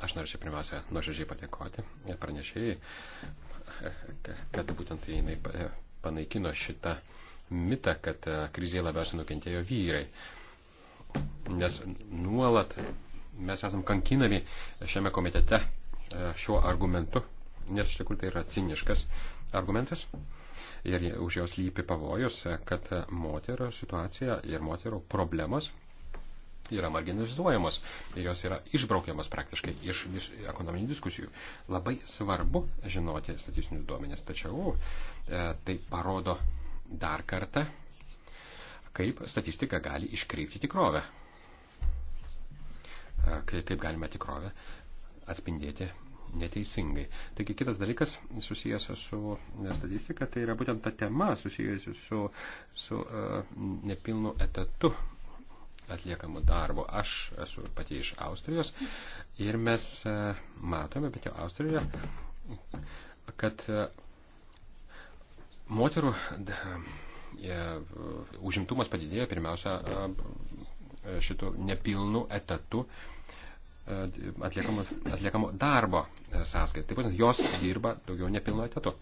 Aš norėčiau pirmiausia nuoširdžiai padėkoti pranešėjai, kad būtent jinai panaikino šitą uh, mitą, kad e, krizėje labiausiai nukentėjo vyrai. Nes nuolat mes esam kankinami šiame komitete e, šiuo argumentu, nes iš tikrųjų tai yra ciniškas argumentas ir už jos lypi pavojus, e, kad moterio situacija ir moterio problemos yra marginalizuojamos ir jos yra išbraukiamas praktiškai iš, iš ekonominių diskusijų. Labai svarbu žinoti statistinius duomenės, tačiau e, tai parodo dar kartą, kaip statistika gali iškreipti tikrovę. Kaip, kaip galima tikrovę atspindėti neteisingai. Taigi kitas dalykas susijęs su statistika, tai yra būtent ta tema susijusi su, su uh, nepilnu etatu atliekamų darbo. Aš esu pati iš Austrijos ir mes uh, matome, bet jau Austrijoje, kad uh, Moterų e, užimtumas padidėjo pirmiausia e, šitų nepilnų etatų e, atliekamo, atliekamo darbo sąskaitą. Taip būtent jos dirba daugiau nepilno etatu.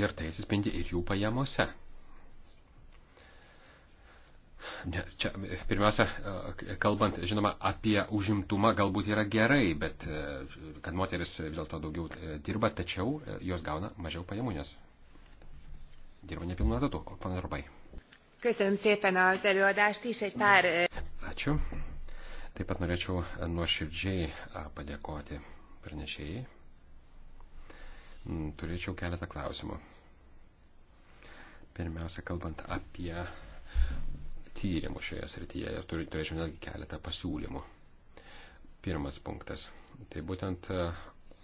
Ir tai atsispindi ir jų pajamose. Ne, čia pirmiausia, e, kalbant, žinoma, apie užimtumą galbūt yra gerai, bet e, kad moteris vis dėlto daugiau e, dirba, tačiau jos gauna mažiau pajamų, nes dirba nepilnu etatu, pana Rubai. Köszönöm szépen az előadást is, egy pár... Ačiū. Taip pat norėčiau nuoširdžiai padėkoti pranešėjai. Mm, turėčiau keletą klausimų. Pirmiausia, kalbant apie tyrimų šioje srityje ir turėčiau netgi keletą pasiūlymų. Pirmas punktas. Tai būtent e,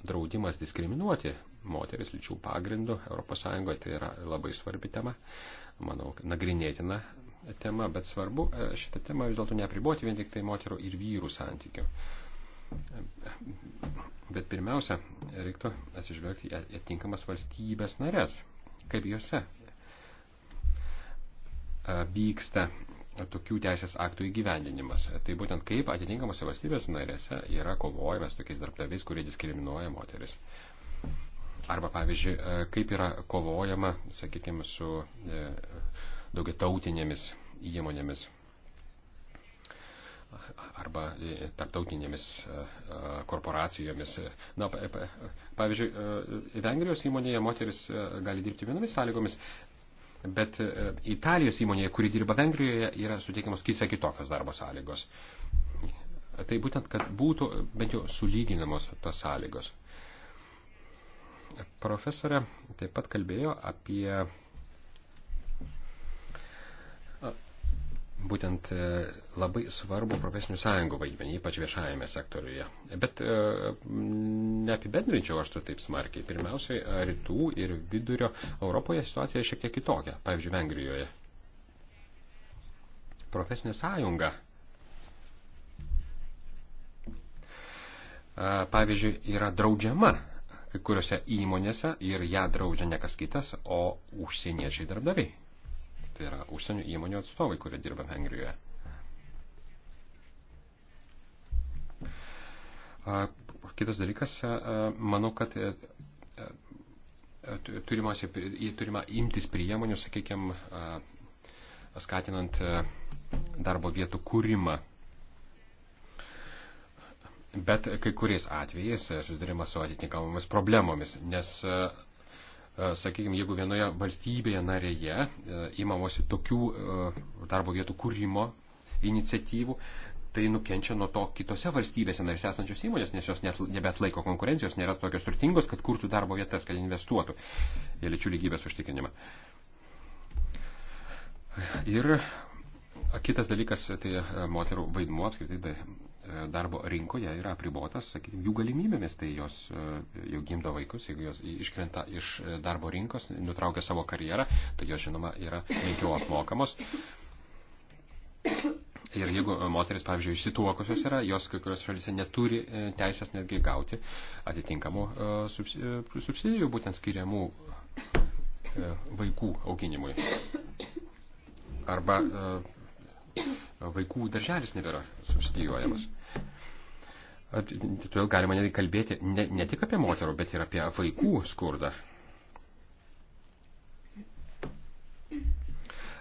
draudimas diskriminuoti moteris lyčių pagrindų ES tai yra labai svarbi tema, manau, nagrinėtina tema, bet svarbu e, šitą temą vis dėlto neapriboti vien tik tai moterų ir vyrų santykių. Bet pirmiausia, reiktų atsižvelgti į atinkamas valstybės narės, kaip juose e, vyksta tokių teisės aktų įgyvendinimas. Tai būtent kaip atitinkamose valstybės narėse yra kovojama su tokiais darbdaviais, kurie diskriminuoja moteris. Arba, pavyzdžiui, e, kaip yra kovojama, sakykime, su e, daugiatautinėmis įmonėmis arba e, tarptautinėmis korporacijomis. Na, pavyzdžiui, Vengrijos įmonėje moteris gali dirbti vienomis sąlygomis, Bet e, Italijos įmonėje, kuri dirba Vengrijoje, yra suteikiamos kisai kitokios darbo sąlygos. Tai būtent, kad būtų bent jau sulyginamos tas sąlygos. Profesorė taip pat kalbėjo apie būtent e, labai svarbu profesinių sąjungų vaidmenį, ypač viešajame sektoriuje. Bet e, neapibendrinčiau aš to taip smarkiai. Pirmiausiai, rytų ir vidurio Europoje situacija šiek tiek kitokia, pavyzdžiui, Vengrijoje. Profesinė sąjunga, e, pavyzdžiui, yra draudžiama kai kuriuose įmonėse ir ją draudžia ne kas kitas, o užsieniečiai darbdaviai tai yra užsienio įmonių atstovai, kurie dirba Vengrijoje. Kitas dalykas, manau, kad e, e, turimas, turima imtis priemonių, sakykime, skatinant e, darbo vietų kūrimą. Bet kai kuriais atvejais susidurima su atitinkamomis problemomis, nes E, sakykime, jeigu vienoje valstybėje narėje įmamosi e, tokių e, darbo vietų kūrimo iniciatyvų, tai nukenčia nuo to kitose valstybėse narėse esančios įmonės, nes jos net nebetlaiko konkurencijos, nėra tokios turtingos, kad kurtų darbo vietas, kad investuotų į lyčių lygybės užtikrinimą. Ir kitas dalykas, tai moterų vaidmuo apskritai tai E, darbo rinkoje yra apribotas, sakykime, jų galimybėmis, tai jos e, jau gimdo vaikus, jeigu jos iškrenta iš e, darbo rinkos, nutraukia savo karjerą, tai jos, žinoma, yra menkiau apmokamos. Ir jeigu moteris, pavyzdžiui, išsituokusios yra, jos kai kurios šalyse neturi teisės netgi gauti atitinkamų subsidijų, būtent skiriamų vaikų auginimui. Arba vaikų darželis nebėra subsidijuojamas. Todėl galima netgi kalbėti ne, ne tik apie moterų, bet ir apie vaikų skurdą.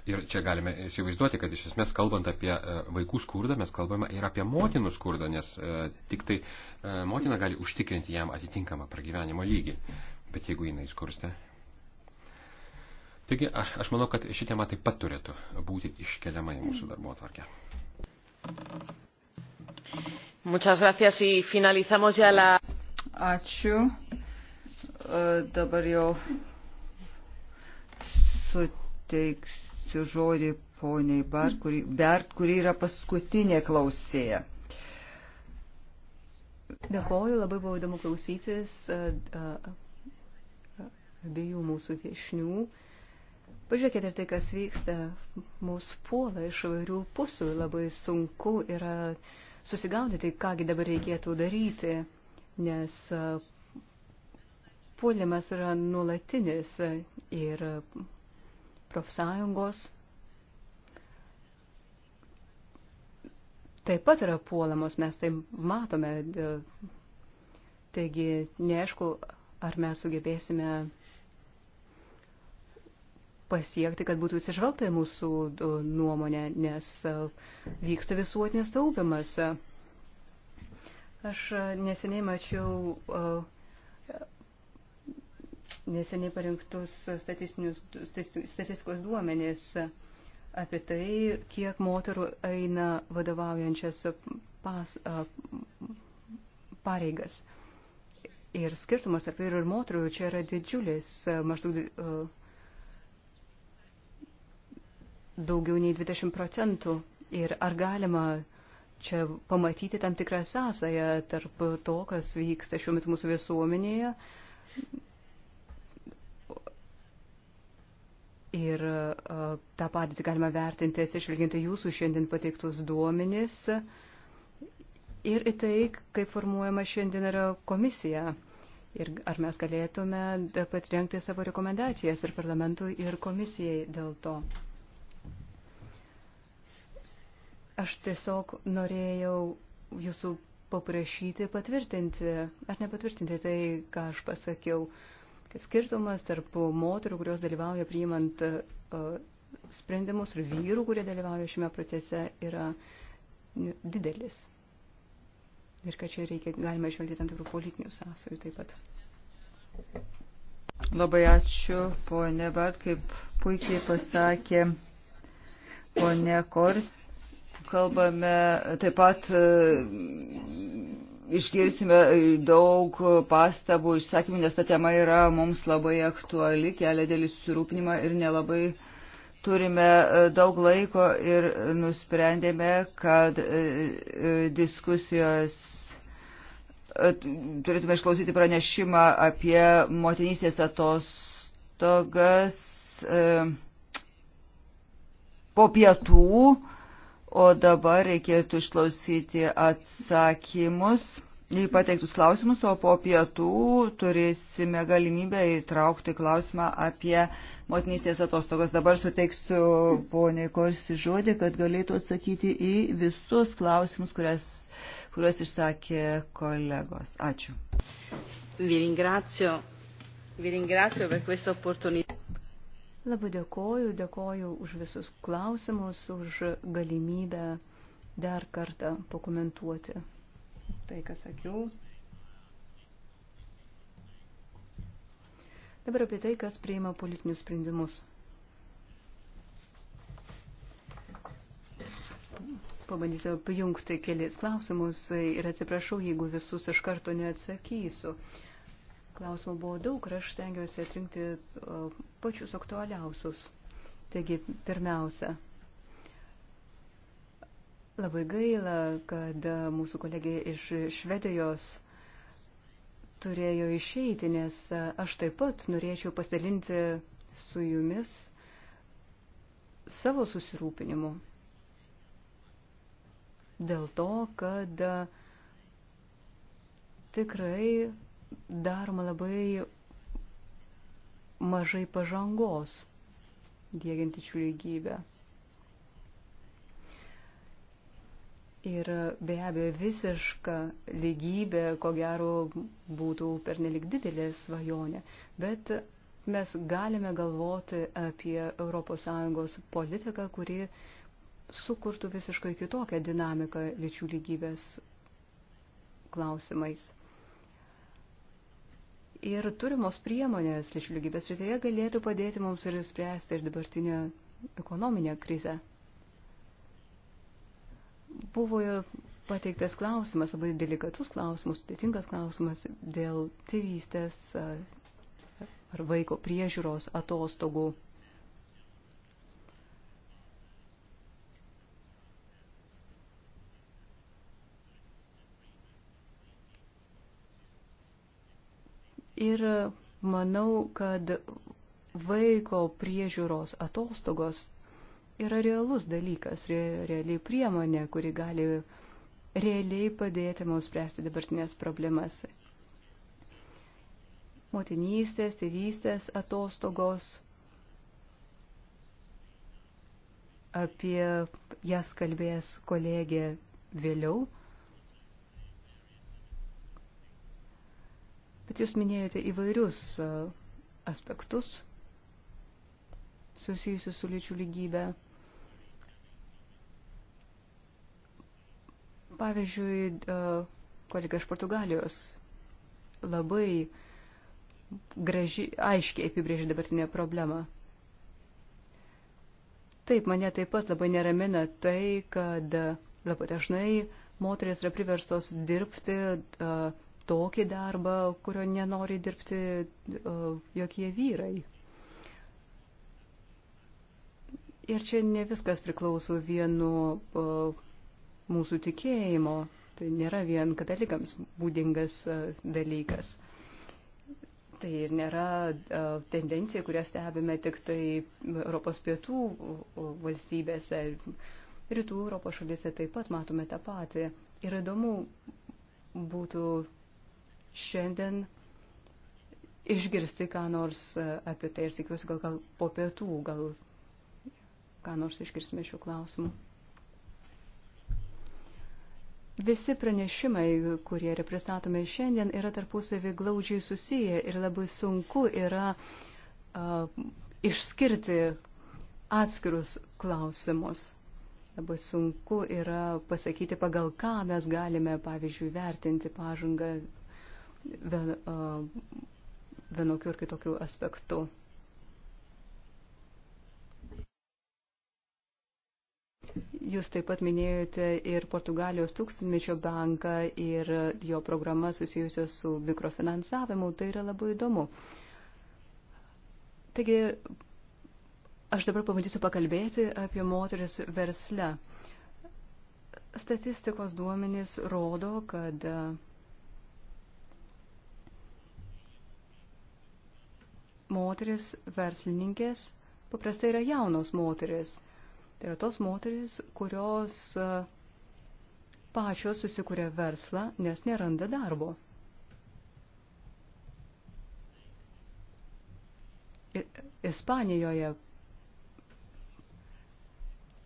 Ir čia galime įsivaizduoti, kad iš esmės kalbant apie e, vaikų skurdą, mes kalbame ir apie motinų skurdą, nes e, tik tai e, motina gali užtikrinti jam atitinkamą pragyvenimo lygį. Bet jeigu jinai skursta. Taigi aš, aš manau, kad ši tema taip pat turėtų būti iškeliama į mūsų darbo atvarkę. Muchas gracias y finalizamos ya la. Ačiū. E, dabar jau suteiksiu žodį poniai Bart, kuri, Bert, kuri yra paskutinė klausėja. Dėkoju, labai buvo įdomu klausytis e, e, abiejų mūsų viešnių. Pažiūrėkite ir tai, kas vyksta. Mūsų puola iš vairių pusių. Labai sunku yra. Uh, susigaudyti, kągi dabar reikėtų daryti, nes e, puolimas yra nuolatinis ir profsąjungos taip pat yra puolamos, mes tai matome. Taigi neaišku, ar mes sugebėsime pasiekti, kad būtų atsižvelgta į mūsų nuomonę, nes vyksta visuotinės taupimas. Aš neseniai mačiau neseniai parinktus statistikos duomenys apie tai, kiek moterų eina vadovaujančias pas, pareigas. Ir skirtumas tarp vyrų ir moterų čia yra didžiulis, maždaug daugiau nei 20 procentų. Ir ar galima čia pamatyti tam tikrą sąsąją tarp to, kas vyksta šiuo metu mūsų visuomenėje ir tą padėtį galima vertinti atsižvelgiant į jūsų šiandien pateiktus duomenis ir į tai, kaip formuojama šiandien yra komisija. Ir ar mes galėtume patrenkti savo rekomendacijas ir parlamentui, ir komisijai dėl to. Aš tiesiog norėjau jūsų paprašyti patvirtinti, ar nepatvirtinti tai, ką aš pasakiau, kad skirtumas tarp moterų, kurios dalyvauja priimant uh, sprendimus, ir vyrų, kurie dalyvauja šiame procese, yra didelis. Ir kad čia reikia, galima išvelgti tam tikrų politinių sąsajų taip pat. Labai ačiū, ponė Bart, kaip puikiai pasakė ponė Kors. Kalbame taip pat e, išgirsime daug pastabų išsakymų, nes ta tema yra mums labai aktuali, kelia dėlį susirūpinimą ir nelabai turime e, daug laiko ir nusprendėme, kad e, diskusijos turėtume išklausyti pranešimą apie motinystės atostogas po pietų O dabar reikėtų išklausyti atsakymus į pateiktus klausimus, o po pietų turėsime galimybę įtraukti klausimą apie motinystės atostogas. Dabar suteiksiu poniai Korsi žodį, kad galėtų atsakyti į visus klausimus, kurias, kuriuos išsakė kolegos. Ačiū. Vi ringrazio, vi ringrazio per questa opportunità. Labai dėkoju, dėkoju už visus klausimus, už galimybę dar kartą pakomentuoti tai, ką sakiau. Dabar apie tai, kas priima politinius sprendimus. Pabandysiu pajungti kelias klausimus ir atsiprašau, jeigu visus iš karto neatsakysiu. Klausimų buvo daug ir aš stengiuosi atrinkti pačius aktualiausius. Taigi, pirmiausia, labai gaila, kad mūsų kolegė iš Švedijos turėjo išeiti, nes aš taip pat norėčiau pasidalinti su jumis savo susirūpinimu. Dėl to, kad tikrai daroma labai mažai pažangos dėgiant lyčių lygybę. Ir be abejo visiška lygybė, ko gero, būtų pernelik didelė svajonė. Bet mes galime galvoti apie ES politiką, kuri sukurtų visiškai kitokią dinamiką lyčių lygybės klausimais. Ir turimos priemonės lyčių lygybės rytyje galėtų padėti mums ir spręsti ir dabartinę ekonominę krizę. Buvo pateiktas klausimas, labai delikatus klausimas, sudėtingas klausimas dėl tėvystės ar vaiko priežiūros atostogų. Ir manau, kad vaiko priežiūros atostogos yra realus dalykas, re, realiai priemonė, kuri gali realiai padėti mums spręsti dabartinės problemas. Motinystės, tėvystės atostogos. Apie jas kalbės kolegė vėliau. Bet jūs minėjote įvairius e, aspektus susijusius su lyčių lygybė. Pavyzdžiui, e, kolega iš Portugalijos labai graži, aiškiai apibrėžė dabartinę problemą. Taip, mane taip pat labai neramina tai, kad e, labai dažnai moteris yra priverstos dirbti uh, tokį darbą, kurio nenori dirbti jokie vyrai. Ir čia ne viskas priklauso vien nuo mūsų tikėjimo. Tai nėra vien katalikams būdingas dalykas. Tai ir nėra tendencija, kurią stebime tik tai Europos pietų valstybėse. Rytų Europos šalyse taip pat matome tą patį. Ir įdomu būtų šiandien išgirsti ką nors e, apie tai ir tikiuosi gal, gal po pietų, gal ką nors išgirsime šių klausimų. Visi pranešimai, kurie yra pristatomi šiandien, yra tarpusavį glaudžiai susiję ir labai sunku yra uh, išskirti atskirus klausimus. Labai sunku yra pasakyti, pagal ką mes galime, pavyzdžiui, vertinti pažangą vienokių ir kitokių aspektų. Jūs taip pat minėjote ir Portugalijos tūkstantmečio banką ir jo programą susijusią su mikrofinansavimu. Tai yra labai įdomu. Taigi, aš dabar pabandysiu pakalbėti apie moteris versle. Statistikos duomenys rodo, kad moteris verslininkės paprastai yra jaunos moteris. Tai yra tos moteris, kurios e, pačios susikuria verslą, nes neranda darbo. Ispanijoje,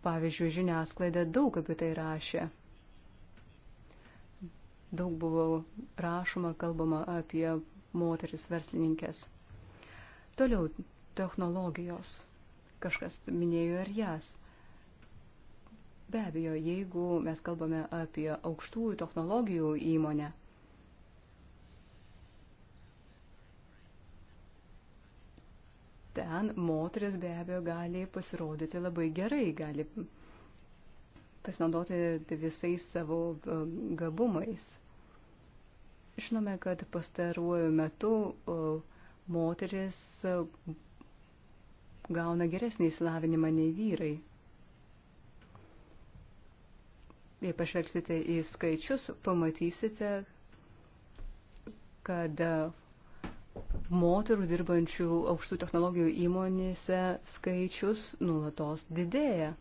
pavyzdžiui, žiniasklaida daug apie tai rašė. Daug buvo rašoma, kalbama apie moteris verslininkės. Toliau technologijos. Kažkas minėjo ir jas. Be abejo, jeigu mes kalbame apie aukštųjų technologijų įmonę, ten moteris be abejo gali pasirodyti labai gerai, gali pasinaudoti visais savo e, gabumais. Žinome, kad pastaruoju metu uh, moteris e, gauna geresnį įsilavinimą nei vyrai. Jei pažvelgsite į skaičius, pamatysite, kad e, moterų dirbančių aukštų technologijų įmonėse skaičius nulatos didėja.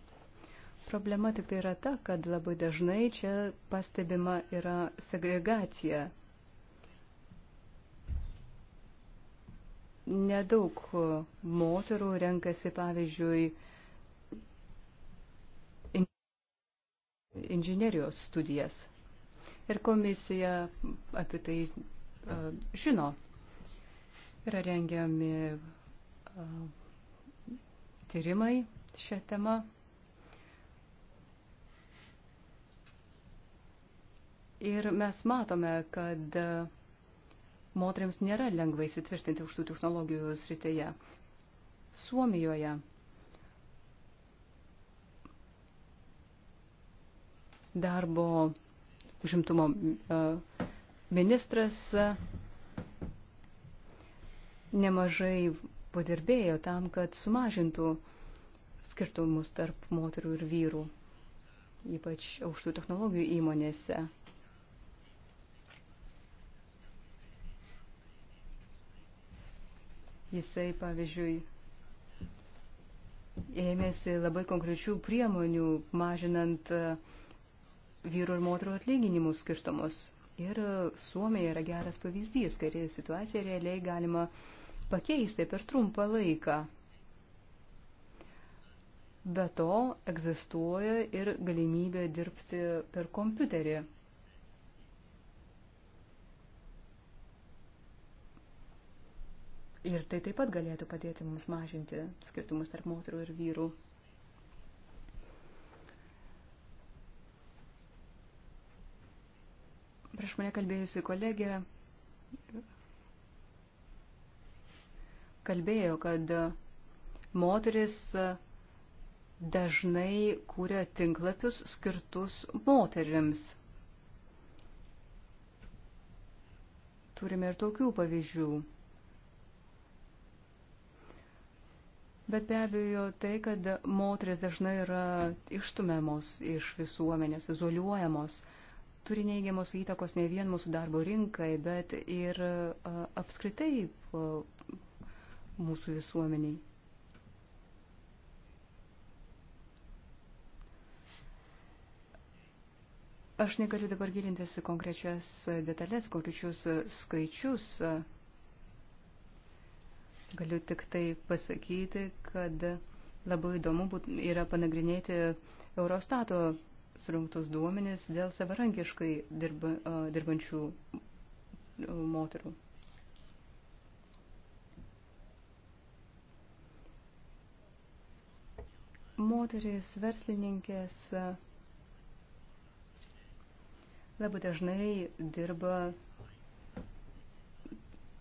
Problema tik tai yra ta, kad labai dažnai čia pastebima yra segregacija Nedaug moterų renkasi, pavyzdžiui, inžinerijos studijas. Ir komisija apie tai uh, žino. Yra rengiami uh, tyrimai šią temą. Ir mes matome, kad uh, moteriams nėra lengva įsitvirtinti aukštų technologijų srityje. Suomijoje darbo užimtumo e, ministras e, nemažai padirbėjo tam, kad sumažintų skirtumus tarp moterų ir vyrų, ypač aukštų technologijų įmonėse. Jisai, pavyzdžiui, ėmėsi labai konkrečių priemonių, mažinant e, vyrų ir moterų atlyginimų skirtumus. Ir e, Suomija yra geras pavyzdys, kai situaciją realiai galima pakeisti per trumpą laiką. Be to egzistuoja ir galimybė dirbti per kompiuterį. Ir tai taip pat galėtų padėti mums mažinti skirtumus tarp moterų ir vyrų. Prieš mane kalbėjusi kolegė kalbėjo, kad moteris dažnai kūrė tinklapius skirtus moteriams. Turime ir tokių pavyzdžių. Bet be abejo tai, kad moteris dažnai yra ištumiamos iš visuomenės, izoliuojamos, turi neigiamos įtakos ne vien mūsų darbo rinkai, bet ir apskritai mūsų visuomeniai. Aš negaliu dabar gilintis į konkrečias detalės, konkrečius skaičius. A, Galiu tik tai pasakyti, kad labai įdomu yra panagrinėti Eurostato surinktus duomenis dėl savarankiškai dirba, dirbančių moterų. Moteris, verslininkės labai dažnai dirba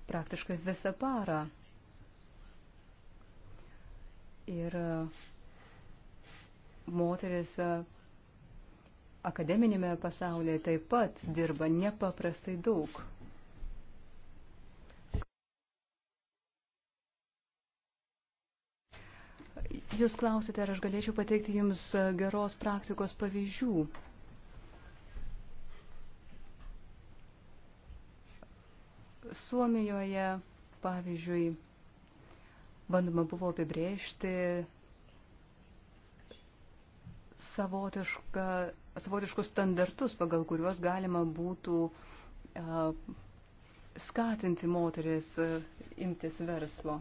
praktiškai visą parą ir e, moteris e, akademinėme pasaulyje taip pat dirba nepaprastai daug. Jūs klausite, ar aš galėčiau pateikti Jums e, geros praktikos pavyzdžių. Suomijoje, pavyzdžiui, bandoma buvo apibrėžti savotišką, savotiškus standartus, pagal kuriuos galima būtų a, skatinti moteris a, imtis verslo.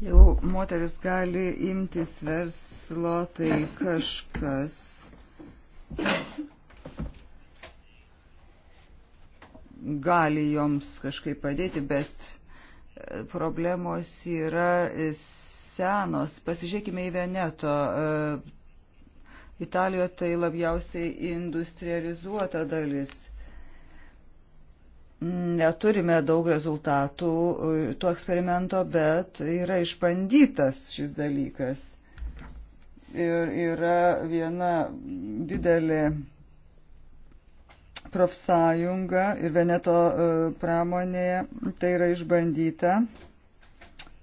Jau moteris gali imtis verslo, tai kažkas gali joms kažkaip padėti, bet problemos yra senos. Pasižiūrėkime į Veneto. E, Italijoje tai labiausiai industrializuota dalis. Neturime daug rezultatų tuo eksperimento, bet yra išbandytas šis dalykas. Ir yra viena didelė profsąjunga ir Veneto e, pramonėje tai yra išbandyta.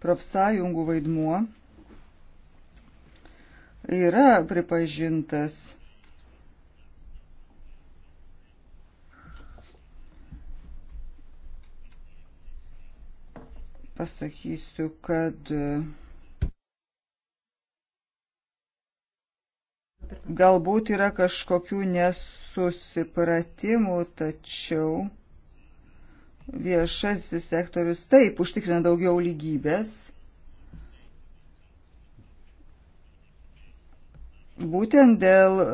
Profsąjungų vaidmuo yra pripažintas. Pasakysiu, kad Galbūt yra kažkokių nesusipratimų, tačiau viešasis sektorius taip užtikrina daugiau lygybės. Būtent dėl e,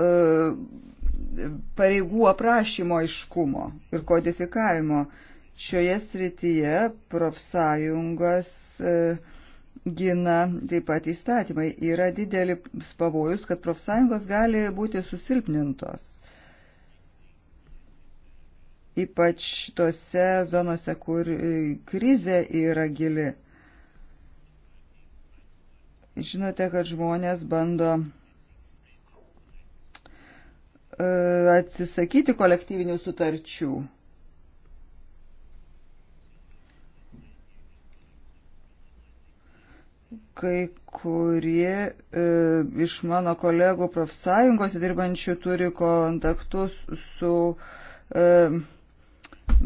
pareigų aprašymo aiškumo ir kodifikavimo šioje srityje profsąjungas uh, gina taip pat įstatymai. Yra didelis pavojus, kad profsąjungos gali būti susilpnintos. Ypač tose zonose, kur krizė yra gili. Žinote, kad žmonės bando e, atsisakyti kolektyvinių sutarčių. kai kurie e, iš mano kolegų profsąjungos dirbančių turi kontaktus su e,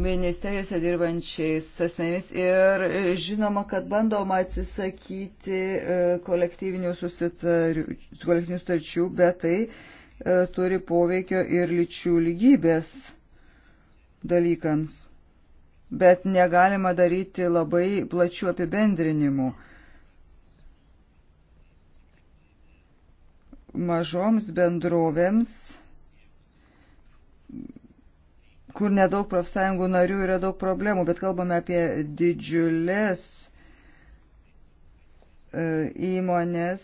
ministerijose dirbančiais asmenimis ir žinoma, kad bandoma atsisakyti e, kolektyvinių sutarčių, bet tai e, turi poveikio ir lyčių lygybės dalykams. Bet negalima daryti labai plačių apibendrinimų. E, mažoms bendrovėms, kur nedaug profsąjungų narių yra daug problemų, bet kalbame apie didžiulės e, įmonės,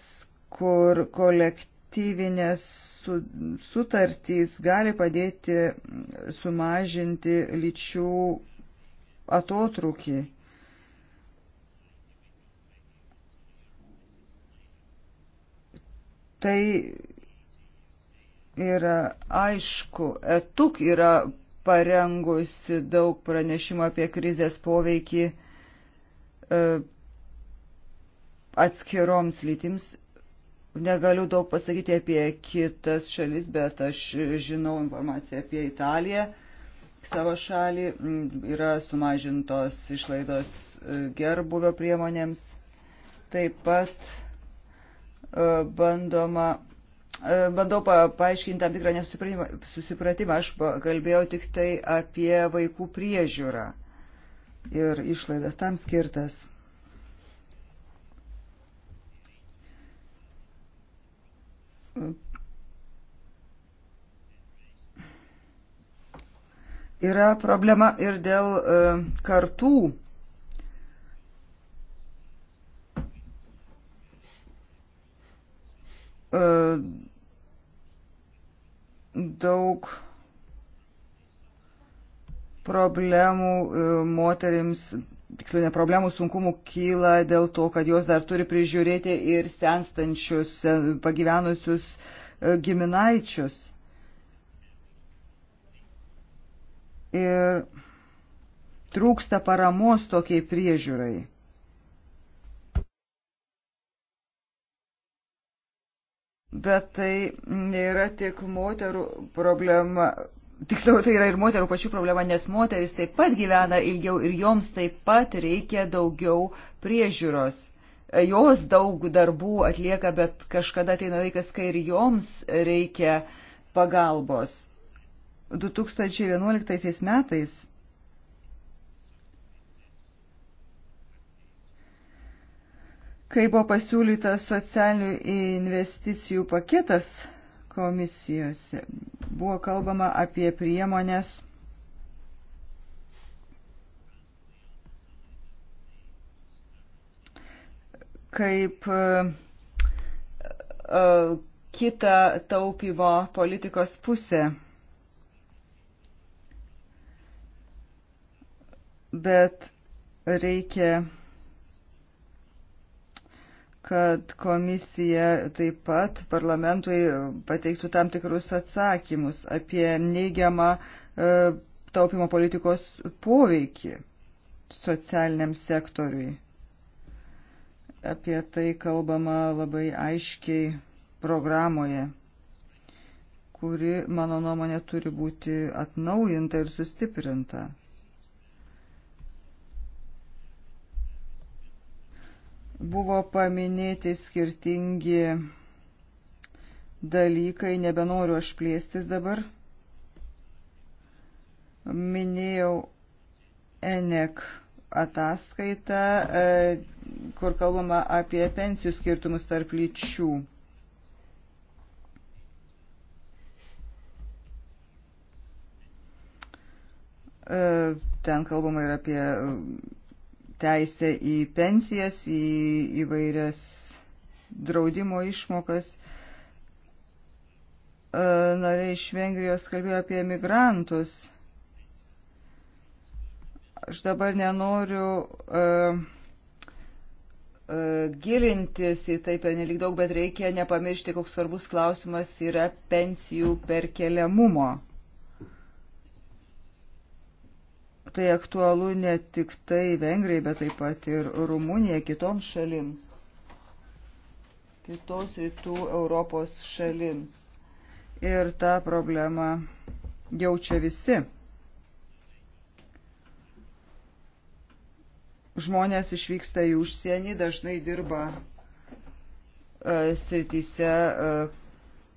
kur kolektyvinės sutartys gali padėti sumažinti lyčių atotrukį. Tai yra aišku, etuk yra parengusi daug pranešimų apie krizės poveikį e, atskiroms lytims. Negaliu daug pasakyti apie kitas šalis, bet aš žinau informaciją apie Italiją, savo šalį. Mm, yra sumažintos išlaidos e, gerbuvio priemonėms. Taip pat E, bandoma e, bandau paaiškinti tam tikrą nesusipratimą. Aš kalbėjau tik tai apie vaikų priežiūrą ir išlaidas tam skirtas. Yra problema ir dėl e, kartų E, daug problemų e, moterims, tiksliau ne problemų, sunkumų kyla dėl to, kad jos dar turi prižiūrėti ir senstančius, e, pagyvenusius giminaičius. Ir trūksta paramos tokiai priežiūrai. bet tai nėra tik moterų problema. Tiksliau, tai yra ir moterų pačių problema, nes moteris taip pat gyvena ilgiau ir joms taip pat reikia daugiau priežiūros. Jos daug darbų atlieka, bet kažkada ateina laikas, kai ir joms reikia pagalbos. 2011 metais Kai buvo pasiūlytas socialinių investicijų paketas komisijose, buvo kalbama apie priemonės kaip uh, kitą taupymo politikos pusę. Bet reikia kad komisija taip pat parlamentui pateiktų tam tikrus atsakymus apie neigiamą e, taupimo politikos poveikį socialiniam sektoriui. Apie tai kalbama labai aiškiai programoje, kuri, mano nuomonė, turi būti atnaujinta ir sustiprinta. Buvo paminėti skirtingi dalykai, nebenoriu aš plėstis dabar. Minėjau ENEK ataskaitą, e, kur kalbama apie pensijų skirtumus tarp lyčių. E, ten kalbama ir apie teisę į pensijas, į įvairias draudimo išmokas. E, nariai iš Vengrijos kalbėjo apie migrantus. Aš dabar nenoriu uh, gilintis į tai penelik daug, bet reikia nepamiršti, koks svarbus klausimas yra pensijų perkeliamumo. Tai aktualu ne tik tai Vengrijai, bet taip pat ir Rumunijai, kitoms šalims, kitos rytų Europos šalims. Ir tą problemą jaučia visi. žmonės išvyksta į užsienį, dažnai dirba e, srityse, e,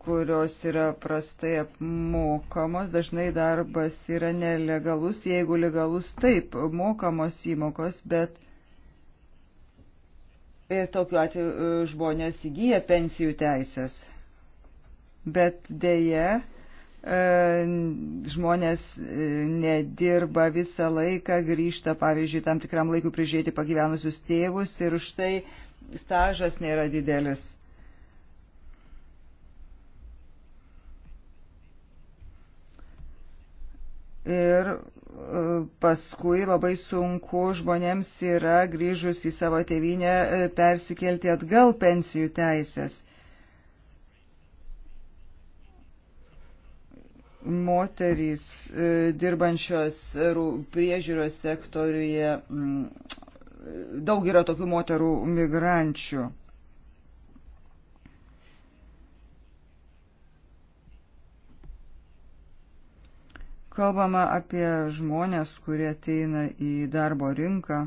kurios yra prastai apmokamos, dažnai darbas yra nelegalus, jeigu legalus taip, mokamos įmokos, bet ir tokiu atveju e, žmonės įgyja pensijų teisės. Bet dėje e, žmonės e, nedirba visą laiką, grįžta, pavyzdžiui, tam tikram laikui prižiūrėti pagyvenusius tėvus ir už tai stažas nėra didelis. ir e, paskui labai sunku žmonėms yra grįžus į savo tėvynę e, persikelti atgal pensijų teisės. Moterys e, dirbančios priežiūros sektoriuje, daug yra tokių moterų migrančių. Kalbama apie žmonės, kurie ateina į darbo rinką.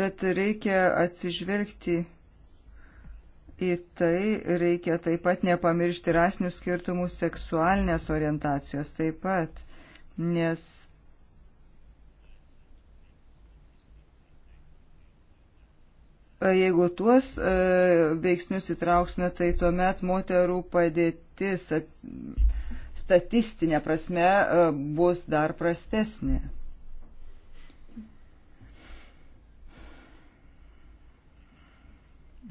Bet reikia atsižvelgti į tai, reikia taip pat nepamiršti rasinių skirtumų seksualinės orientacijos taip pat, nes E, jeigu tuos e, veiksnius įtrauksime, tai tuomet moterų padėtis statistinė prasme e, bus dar prastesnė.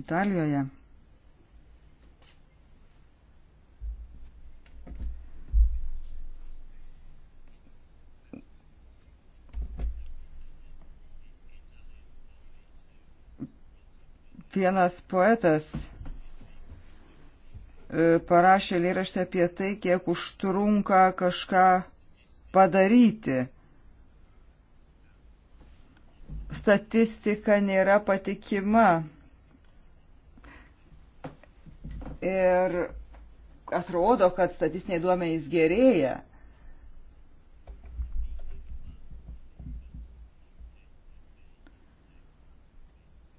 Italijoje vienas poetas e, parašė lėraštę apie tai, kiek užtrunka kažką padaryti. Statistika nėra patikima. Ir atrodo, kad statistiniai duomenys gerėja.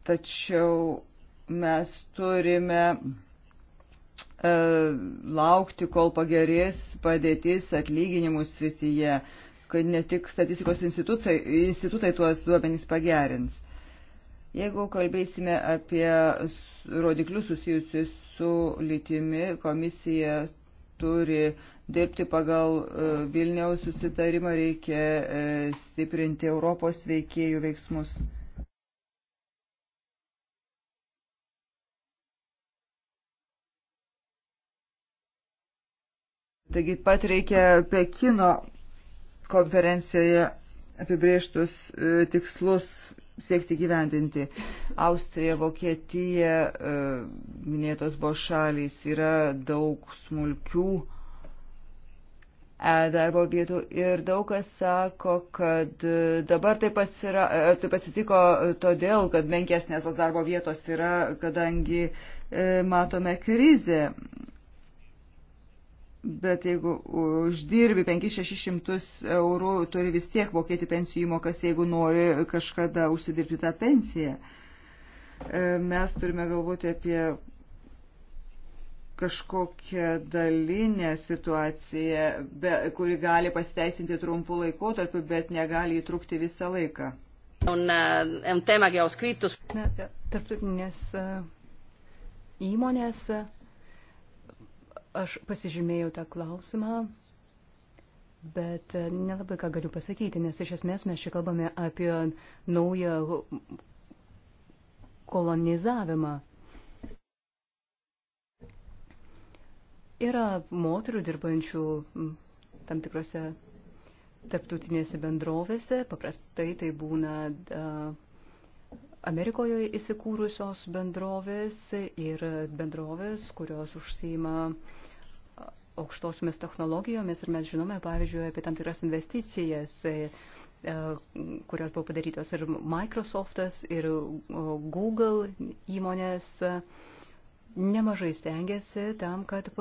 Tačiau mes turime e, laukti, kol pagerės padėtis atlyginimų srityje, kad ne tik statistikos institutai, institutai tuos duomenys pagerins. Jeigu kalbėsime apie rodiklius susijusius su lytimi, komisija turi dirbti pagal e, Vilniaus susitarimą, reikia e, stiprinti Europos veikėjų veiksmus. Taigi pat reikia Pekino konferencijoje apibrieštus e, tikslus siekti gyvendinti. Austrija, Vokietija, e, minėtos buvo šalys, yra daug smulkių e, darbo vietų ir daug kas sako, kad dabar taip, atsira, taip atsitiko todėl, kad menkesnės tos darbo vietos yra, kadangi matome krizę Bet jeigu uždirbi 5-600 eurų, turi vis tiek mokėti pensijų įmokas, jeigu nori kažkada užsidirbti tą pensiją. E, mes turime galvoti apie kažkokią dalinę situaciją, be, kuri gali pasiteisinti trumpų laikotarpių, bet negali įtrukti visą laiką. E, tarptautinės e, įmonės Aš pasižymėjau tą klausimą, bet nelabai ką galiu pasakyti, nes iš esmės mes čia kalbame apie naują kolonizavimą. Yra moterų dirbančių tam tikrose tarptautinėse bendrovėse, paprastai tai būna uh, Amerikoje įsikūrusios bendrovės ir bendrovės, kurios užsima aukštosiomis technologijomis ir mes žinome, pavyzdžiui, apie tam tikras investicijas e, e, kurios buvo padarytos ir Microsoftas, ir Google įmonės e, nemažai stengiasi tam, kad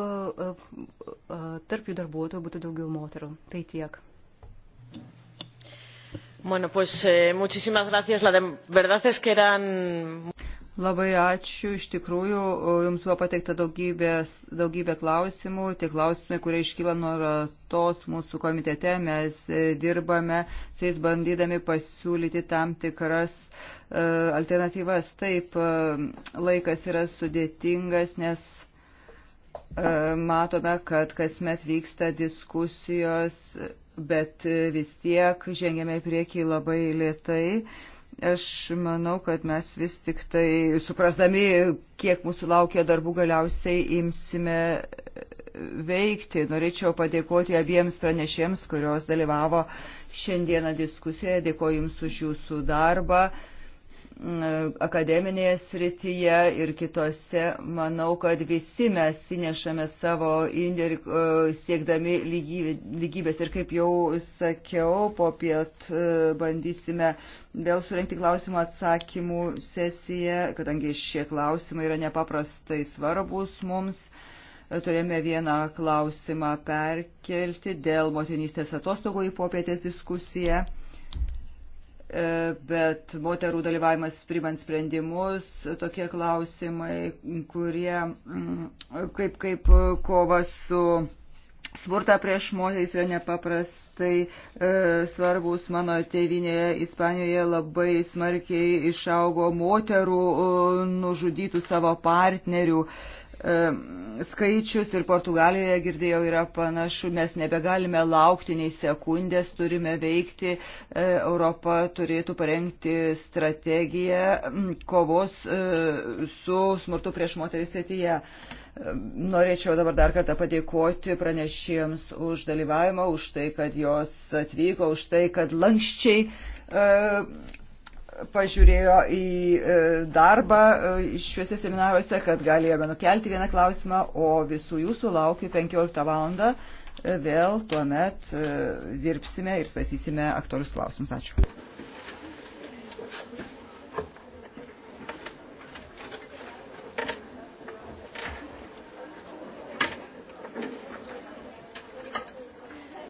tarp jų darbuotojų būtų daugiau moterų. Tai tiek. Bueno, pues, eh, muchísimas gracias. La verdad es que eran. Labai ačiū, iš tikrųjų, jums buvo pateikta daugybės, daugybė klausimų, tie klausimai, kurie iškyla nuo tos mūsų komitete, mes e, dirbame su jais bandydami pasiūlyti tam tikras e, alternatyvas. Taip, e, laikas yra sudėtingas, nes matome, kad kasmet vyksta diskusijos bet e, vis tiek žengėme į priekį labai lėtai. Aš manau, kad mes vis tik tai, suprasdami, kiek mūsų laukia darbų, galiausiai imsime e, veikti. Norėčiau padėkoti abiems pranešėms, kurios dalyvavo šiandieną diskusijoje. Dėkoju Jums už Jūsų darbą akademinėje srityje ir kitose, manau, kad visi mes įnešame savo indėlį e, siekdami lygybės. Ir kaip jau sakiau, po piet e, bandysime vėl surenkti klausimų atsakymų sesiją, kadangi šie klausimai yra nepaprastai svarbus mums e, turėjome vieną klausimą perkelti dėl motinystės atostogų į popietės diskusiją. E, bet moterų dalyvavimas primant sprendimus, tokie klausimai, kurie mm, kaip, kaip kova su smurta prieš moteris yra nepaprastai e, svarbus. Mano tėvinėje Ispanijoje labai smarkiai išaugo moterų e, nužudytų savo partnerių. E, skaičius ir Portugalijoje girdėjau yra panašu, mes nebegalime laukti nei sekundės, turime veikti, e, Europa turėtų parengti strategiją kovos e, su smurtu prieš moteris srityje. Norėčiau dabar dar kartą padėkoti pranešėjams už dalyvavimą, už tai, kad jos atvyko, už tai, kad lankščiai e, pažiūrėjo į e, darbą e, šiuose seminaruose, kad galėjome nukelti vieną klausimą, o visų jūsų laukiu 15 valandą. E, vėl tuomet dirbsime ir svarsysime aktualius klausimus. Ačiū.